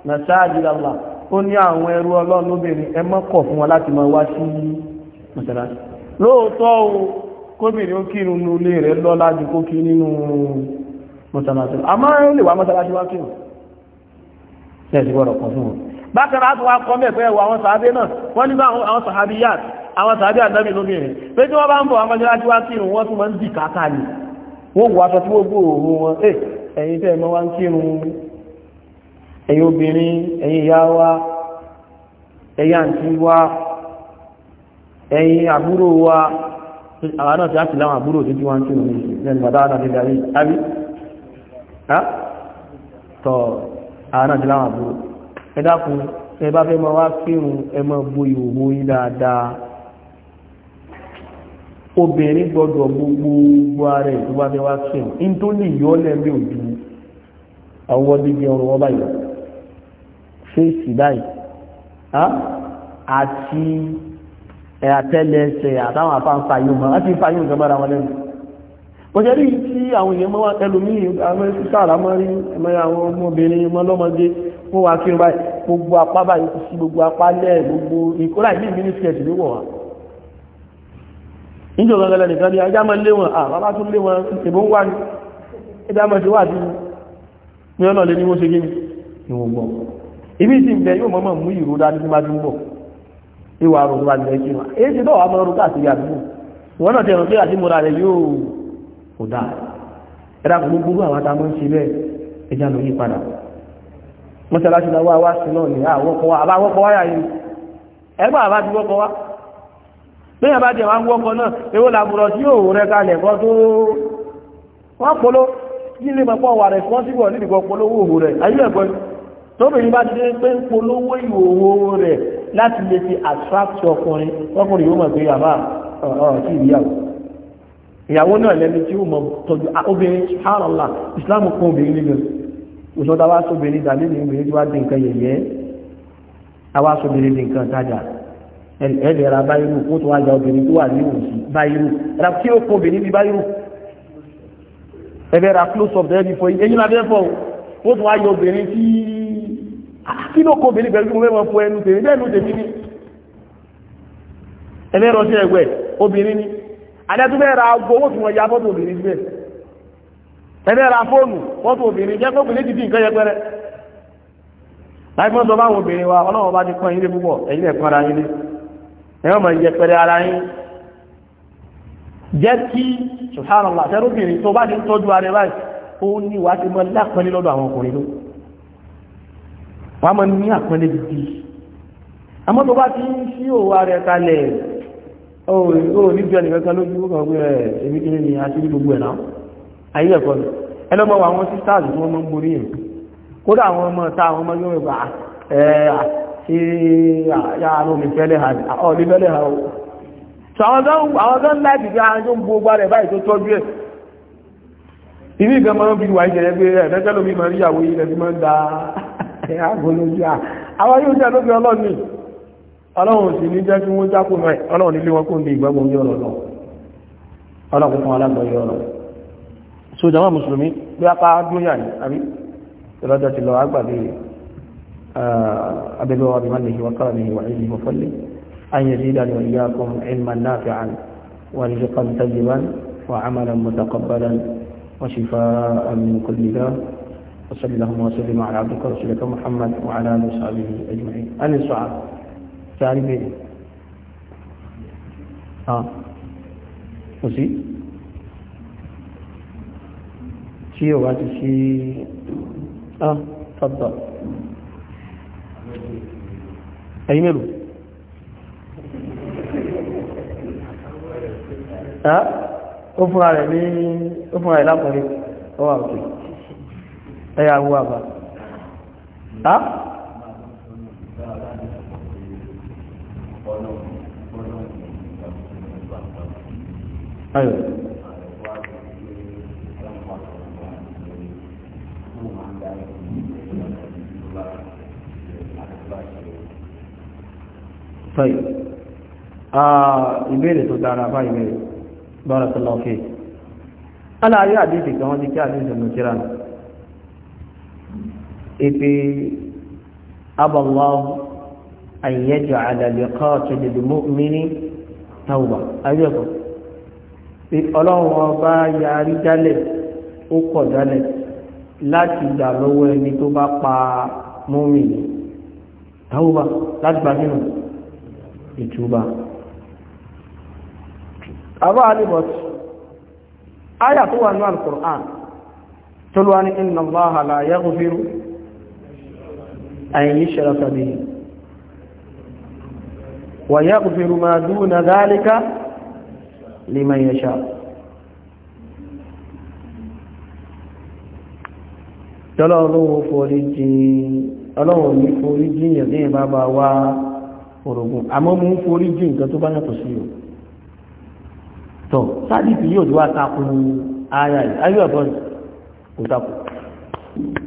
masajid Allah ó ní àwọn ẹrú ọlọ́run lóbìnrin ẹ má kọ̀ fún wọn láti máa wá sí mọ́sálásí lóòótọ́ tẹ́sí gbọ́dọ̀ kan fún wọn. bákan náà tún wá kọ́ mẹ́ pé ẹ̀wọ̀ àwọn sàábé náà wọ́n nígbà àwọn sàábé yá àwọn sàábé àdábì lóbìnrin pé tí wọ́n bá ń bọ̀ àwọn mọ́ṣáláṣí wá kírun wọ́n tún máa ń dì káká ni wọ́n wọ aṣọ tí wọ́n gbòòrò wọn ẹ̀yin tẹ́ ẹ̀ mọ́ wá ń kírun ẹ̀yin obìnrin ẹ̀yin ìyá wa ẹ̀yin àǹtí wa ẹ̀yin àbúrò wa àwọn náà ti á sì láwọn àbúrò títí wọ́n ń kírun lẹ́nu bàbá àdàbí darí tọ́ àwọn náà ti láwọn àbúrò ẹ dákun ẹ bá fẹ́ máa wá kírun ẹ máa bo ìhòòhò yín dáadáa obìnrin gbọdọ̀ gbogbo ara ẹ̀ tó bá fẹ́ wá kírun ní tó lè yọ lẹ́mí òjú ọwọ́ dídí pọ̀jẹ́ rí tí àwọn èèyàn mọ́ ẹlòmíì àwọn sáàrà mọ́ rí ẹmọ́ya àwọn ọmọbìnrin mọ́ lọ́mọdé fún wa kí báyìí gbogbo apá báyìí kò sí gbogbo apá lẹ́ gbogbo ìkórà ìlú mínísítẹ̀ẹ̀tì ló wọ̀ wá níjọ gangan nìkan ni ajá máa lé wọn à bàbá tún lé wọn ìbò ń wá ní ẹjá máa ti wà sí ní ọ̀nà lè ní wọ́n ṣe gíní ìwọ̀n gbọ́ ibi tí ìbẹ̀ yóò mọ́mọ́ mú ìró dání tí máa ti ń bọ̀ ìwà àrùn tó wà nílẹ̀ kí wọn èyí ti dọ́wà máa rú káàkiri àdúgbò wọn náà kò dáa ẹ̀dá kò gbogbo àwọn àtàmọ́ ń ṣe bẹ́ẹ̀ ẹjá ló yí padà mọ́sálásí náà wá wá sí náà ní àwọ́kọ́ wá àbáwọ́kọ́ wá yàyí ẹgbà àbá ti wọ́kọ́ wá lẹ́yìn àbá jẹ́ wá ń wọ́kọ́ náà ewó làbúrọ̀ tí yóò rẹ kalẹ̀ kọ́ tó wọ́n polo kí lè mọ̀ pọ̀ wà rẹ̀ attract ọkùnrin ọkùnrin yóò mọ̀ pé àbá ọ̀ ọ̀ sí ìyàwó ìyàwó náà lẹ́ni tí ó mọ̀ tọ́jú obìnrin ṣàrànlá Islamu kún obìnrin nílò òṣọ́dá wá sóbìnrin dàbí ní obìnrin tí wá dín nǹkan yẹ̀yẹ́ àwá sóbìnrin dín nǹkan tájà ẹ̀ẹ́dẹ̀ra báyìrù kó tó wájà obìnrin tó wà ní òsì báyìrù ẹ̀rà kí ó kún obìnrin bí báyìrù ẹ̀bẹ̀ra close up there before eyín lábẹ́ fọ́ ó tó wájà obìnrin tí kí ló kún obìnrin pẹ̀lú mẹ́mọ́ fún ẹnu tèmi bẹ́ẹ̀ ló tèmi ni ẹlẹ́rọ sí ẹgbẹ́ obìnrin ni àdẹ́túbẹ̀ ra gbowó tí wọ́n ya fọ́tò obìnrin gbé ẹ̀dẹ́ ra fóònù fọ́tò obìnrin jẹ́ kóbìnrin ti di nǹkan yẹpẹrẹ láìpẹ́ sọ báwọn obìnrin wa ọlọ́wọ́ bá ti pọ́n yín lé púpọ̀ ẹ̀yin ẹ̀kan ara yín lé ẹ̀yọ́ mọ̀ yẹpẹrẹ ara yín jẹ́ kí subhanallah àtẹ́rùbìnrin tó bá ti tọ́jú ara rẹ̀ ó ní wàá ti mọ lápẹ́lẹ́ ń ṣí ó oh, oh, ní bí ẹnìkan kan lójú ó kàn pé ẹ eh, èmi kí ni a ti rí gbogbo ẹ̀ náà ayé ẹ̀kọ́ ni ẹlọ́mọ wa àwọn sisters tí wọ́n mọ́ ń borí yìí kódà àwọn ọmọ ta àwọn ọmọ yóò gbà ẹ ṣe ya àwọn so àwọn tó ń láìpì bí àwọn tó ń ah, gbogbo rẹ̀ báyìí tó tọ́jú ẹ̀ ìní ìgbẹ́ máa ń fi wà ìṣẹ̀lẹ̀ pé eh, ẹ̀ fẹ́fẹ́ lómi máa ń yàwó ilẹ̀ fi máa ń da [laughs] àgọ́ lójú à àwọn yóò jẹ́ ọlọ́run sì ní jẹ́ kí wọ́n jákò mẹ́ ọlọ́run nílé wọn kó ń bí ìgbàgbọ́n yọ́ lọ́lọ́ ọlọ́run fún alágbọ̀n yọ́ lọ so jama musulmi bí apá dúnyà ní àbí ìrọ́jọ́ ti lọ agbàdé abẹ́lẹ́ wa bímá lèhi wa kára lèhi wa ilmi wa fọ́lẹ̀ an yẹ sí ìdáni wàlíyà kan sáré bèèrè kò sí tí ò bá ti sí tọ́tọ̀ ẹ̀yìn mẹ́lù ó fúnra rẹ̀ ní ó fúnra rẹ̀ lápọ̀lẹ̀ ọwà òkè ẹ̀yà wọ́n àbá ayọ̀ tọ́yì ah, ìbéèrè tó dára bá ìbéèrè bára tó lọ́fẹ́ aláàrí àdíjì kan wọ́n ti kí àdíjì ọ̀nà kíra nù ìpé abọ̀lọ́wọ́ àyẹ́jọ àdàlẹ́kọ́ tó lè mú mi ní pé ọlọ́run ọba yarí jálẹ̀ ó kọ̀ jálẹ̀ láti gbà lọ́wọ́ ẹni tó bá pa mùmínì tàwùbá láti gbà nínú ìtúbà àbá alìbọ̀tí áyà tó wà ní al tó lọ́wọ́ ní inna Allaha la yaghfiru an yushraka bihi wa yaghfiru ma duna dhalika لمن يشاء tọ́lọ́ olówó forí jìn ọlọ́run ní forí jìn yàn ní ìbába wá orogún àmọ́ mú forí jìn nǹkan tó bá yàtọ̀ sí o tọ́ sádìpì yóò wá takò ní ara ẹ̀ ayé ọ̀bọ̀ kò takò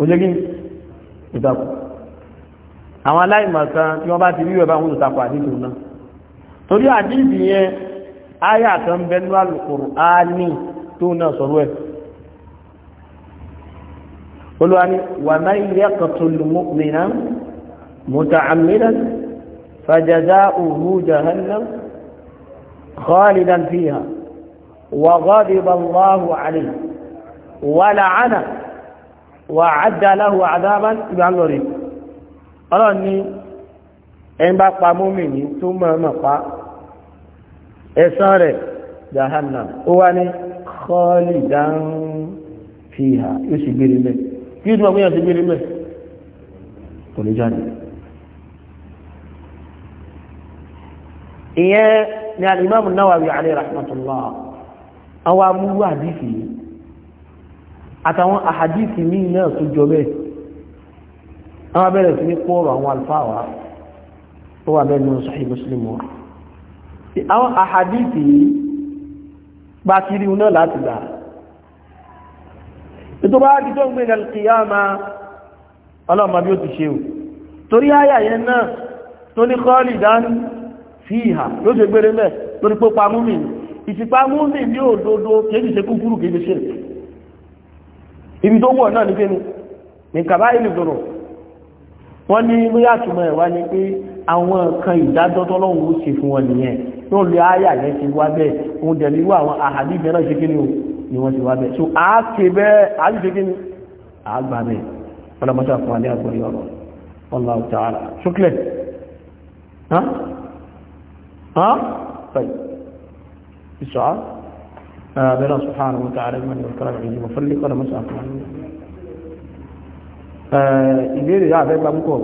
ó jẹ́ kí kò takò àwọn aláìmọ̀ kan tí wọ́n bá ti rí ìwẹ̀ bá wọn ò takò náà torí àdìsí yẹn áyà kan bẹnu alùkùránì tó náà sọ̀rọ̀ ẹ̀ olúwa ni wà máa yẹ kàtúlù mọ́kùnrin mọ́tàmílẹ̀ fàjàdá òhù jahannam khalidan fiha وغضب الله عليه ولعنه wa له عذابا بانوري ọlọ́run ni ẹn bá pa mọ́mìnì tó mọ́ mọ́ pa ẹ̀san rẹ̀ jahannam ó wá ní khalidan fiha yóò sì gbére mẹ́ kí ìdúnmọ̀ pé yóò sì gbére mẹ́ kò ní jáde ìyẹn ni al-Imam an-Nawawi alayhi rahmatullah àwọn amúwú àdífì àtàwọn àhàdífì míì náà tó jọ bẹ́ẹ̀ àwọn abẹ́rẹ̀ sí ní pọ́ọ̀rọ̀ àwọn alfáwà ó wà bẹ́ẹ̀ nínú Sahih Muslim àwọn àhàdìsì bá ti rí náà láti gbà ètò bá ti tó ń gbé ìdàlùkìyàmá ọlọ́mà bí ó ti ṣe ò torí àyà yẹn náà tó ní kọ́ọ̀lì dání sí ìhà ló ṣe gbére mẹ́ torí pé pamúmi ìsìpamúmi ní òdodo kéjì ṣe kúkúrú kéjì ṣe ibi tó wọ̀ náà ní kénu ní kàbá ìlú dòrò wọ́n ní mú yàtúmọ̀ ẹ̀wá ni pé àwọn nǹkan ìdájọ́ ó ṣe fún wọn nìyẹn tó lè áyà yẹn ti wá bẹ́ẹ̀ òun dẹ̀ nírú àwọn àhàdí ìfẹ́ náà ṣe kí ni o ni wọ́n ti wá bẹ́ẹ̀ so a ké bẹ́ẹ̀ a ti ṣe kí ni a gbà bẹ́ẹ̀ ọlọ́mọṣà fún alẹ́ àgbọ̀rí ọ̀rọ̀ Allahu ta'ala ṣókìlẹ̀ ìṣọ́ bẹ́ẹ̀ subhanahu wa ta'ala ìmọ̀ ìwọ̀n kára ìjì mọ̀ fẹ́lẹ́ kọ́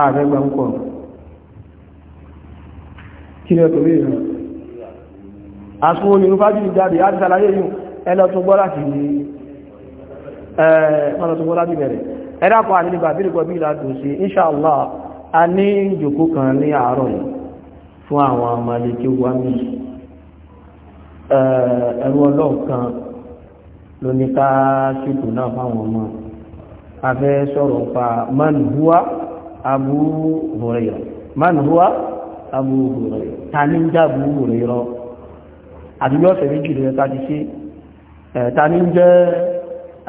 ààrẹ gbáǹkọ̀ kí lẹ́ torí ìrìn àsùnwò nínú fájìlì jáde á ti sàlàyé yìí ẹlọ tó gbọ́ láti ẹ̀ẹ́mọ́lọ tó gbọ́ láti ẹ̀dàkọ̀ àti bí sí a ní ìjòkó kan ní àárọ̀ yìí fún àwọn ọmọdé abu huraira man huwa abu huraira ta ní ń abu huraira àdúgbò ọ̀sẹ̀ méjì lóyẹ ká ti ṣe ta ní ń jẹ́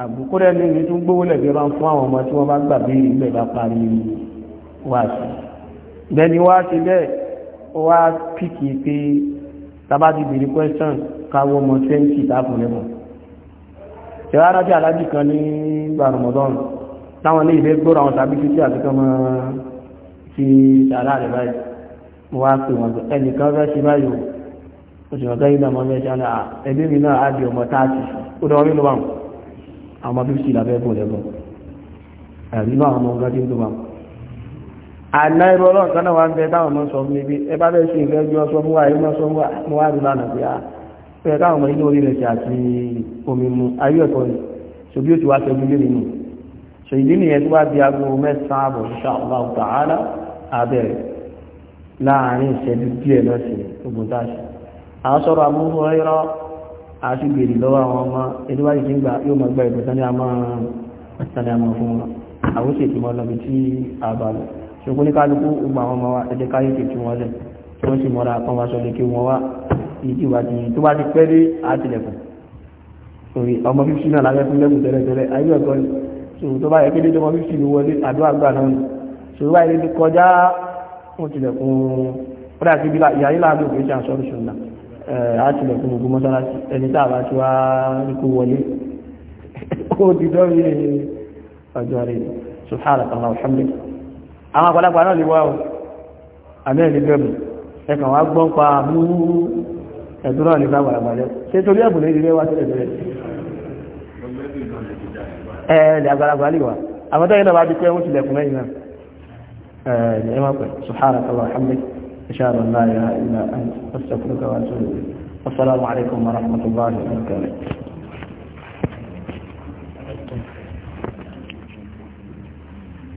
àbùkù rẹ̀ ní ìrètí gbówó lẹ̀gbẹ́ bá ń fún àwọn ọmọ tí wọ́n bá gbàgbé ìgbẹ́ bá parí wáàsí bẹ́ni wá sí bẹ́ẹ̀ ó wá pìkì pé tàbá ti bèèrè question káwọ́ ọmọ 20 tàbùn lẹ́mọ̀ ìwárá bí alájì kan ní gbàrùmọ̀dọ́rùn táwọn ilé ìfẹ́ gbọ́ra àwọn tàbí títí àti kan máa fi sàárà rẹ̀ báyìí wá pè wọ́n ẹnìkan fẹ́ ṣe báyìí o sì ọ̀gá ìlànà ọmọ ẹ̀ṣẹ́ náà ẹbí mi náà á di ọmọ táàtì ó dọ́wọ́ nínú báwọn àwọn ọmọ fífi ìlàbẹ́ bò lẹ́bọ̀ ẹ̀rí náà àwọn ọmọ ọdún tó báwọn. àná irú ọlọ́run kan náà wá ń bẹ táwọn ọmọ sọ fún mi bí ẹ bá fẹ́ ṣe ìfẹ́ ju ọsọ fún wa ẹ mọ́ sọ fún wa mo wá rí lánàá ah, ni so ìdí nìyẹn tó bá di aago mẹ́sàn-án àbọ̀ insha Allah ta'ala abẹ́rẹ́ láàrin ìṣẹ́jú díẹ̀ lọ́sẹ̀ ogun tá a ṣe àwọn sọ̀rọ̀ àmúhù ọ̀rọ̀ àti gbèrè lọ́wọ́ àwọn ọmọ ẹni wáyé ti ń gbà yóò máa gba ìbùsàn ní àmọ́ ìsàn ní àmọ́ fún wọn àwọn sì ti mọ lọ́bi tí a bá lọ ṣùgbọ́n ní kálukú gbogbo àwọn ọmọ wa ẹ̀jẹ̀ káyé ti tú wọn náà lábẹ́ fún lẹ́kùn tẹ́lẹ̀ tẹ́lẹ̀ ayé ọ̀gọ́ sòrò tó bá yẹ kéde jọmọ fífi ló wọlé àdúrà gbà náà nù sòrò bá yẹ kọjá wọn tilẹ̀kùn kódà síbi ìyá yìí láàbò kò ṣe àṣọ ìṣòro náà á tilẹ̀kùn gbogbo mọ́sálásí ẹni tá a bá ti wá kó wọlé [laughs] ó ti dọ́ mi ọjọ́ rẹ̀ subhanahu wa ta'ala àwọn àgbàlagbà náà lè wá o àmì ẹ̀ ní bẹ́ẹ̀ ẹ̀kàn wá gbọ́n pa mú ẹ̀dúrà nígbà àgbàlagbà rẹ̀ ṣé torí ẹ̀bùn lè rí rẹ̀ wá sílẹ̀ ẹ̀ẹ́lẹ̀ agbáragbà lè wà àmọ́tọ́ yìí náà bá di pé wọ́n ti lẹ̀kùn mẹ́yìn náà ẹ̀ẹ́lẹ̀ ẹ̀mà pẹ̀ subhanaka alhamdulilayi ashhadu an la ilaha illa anta astaghfiruka wa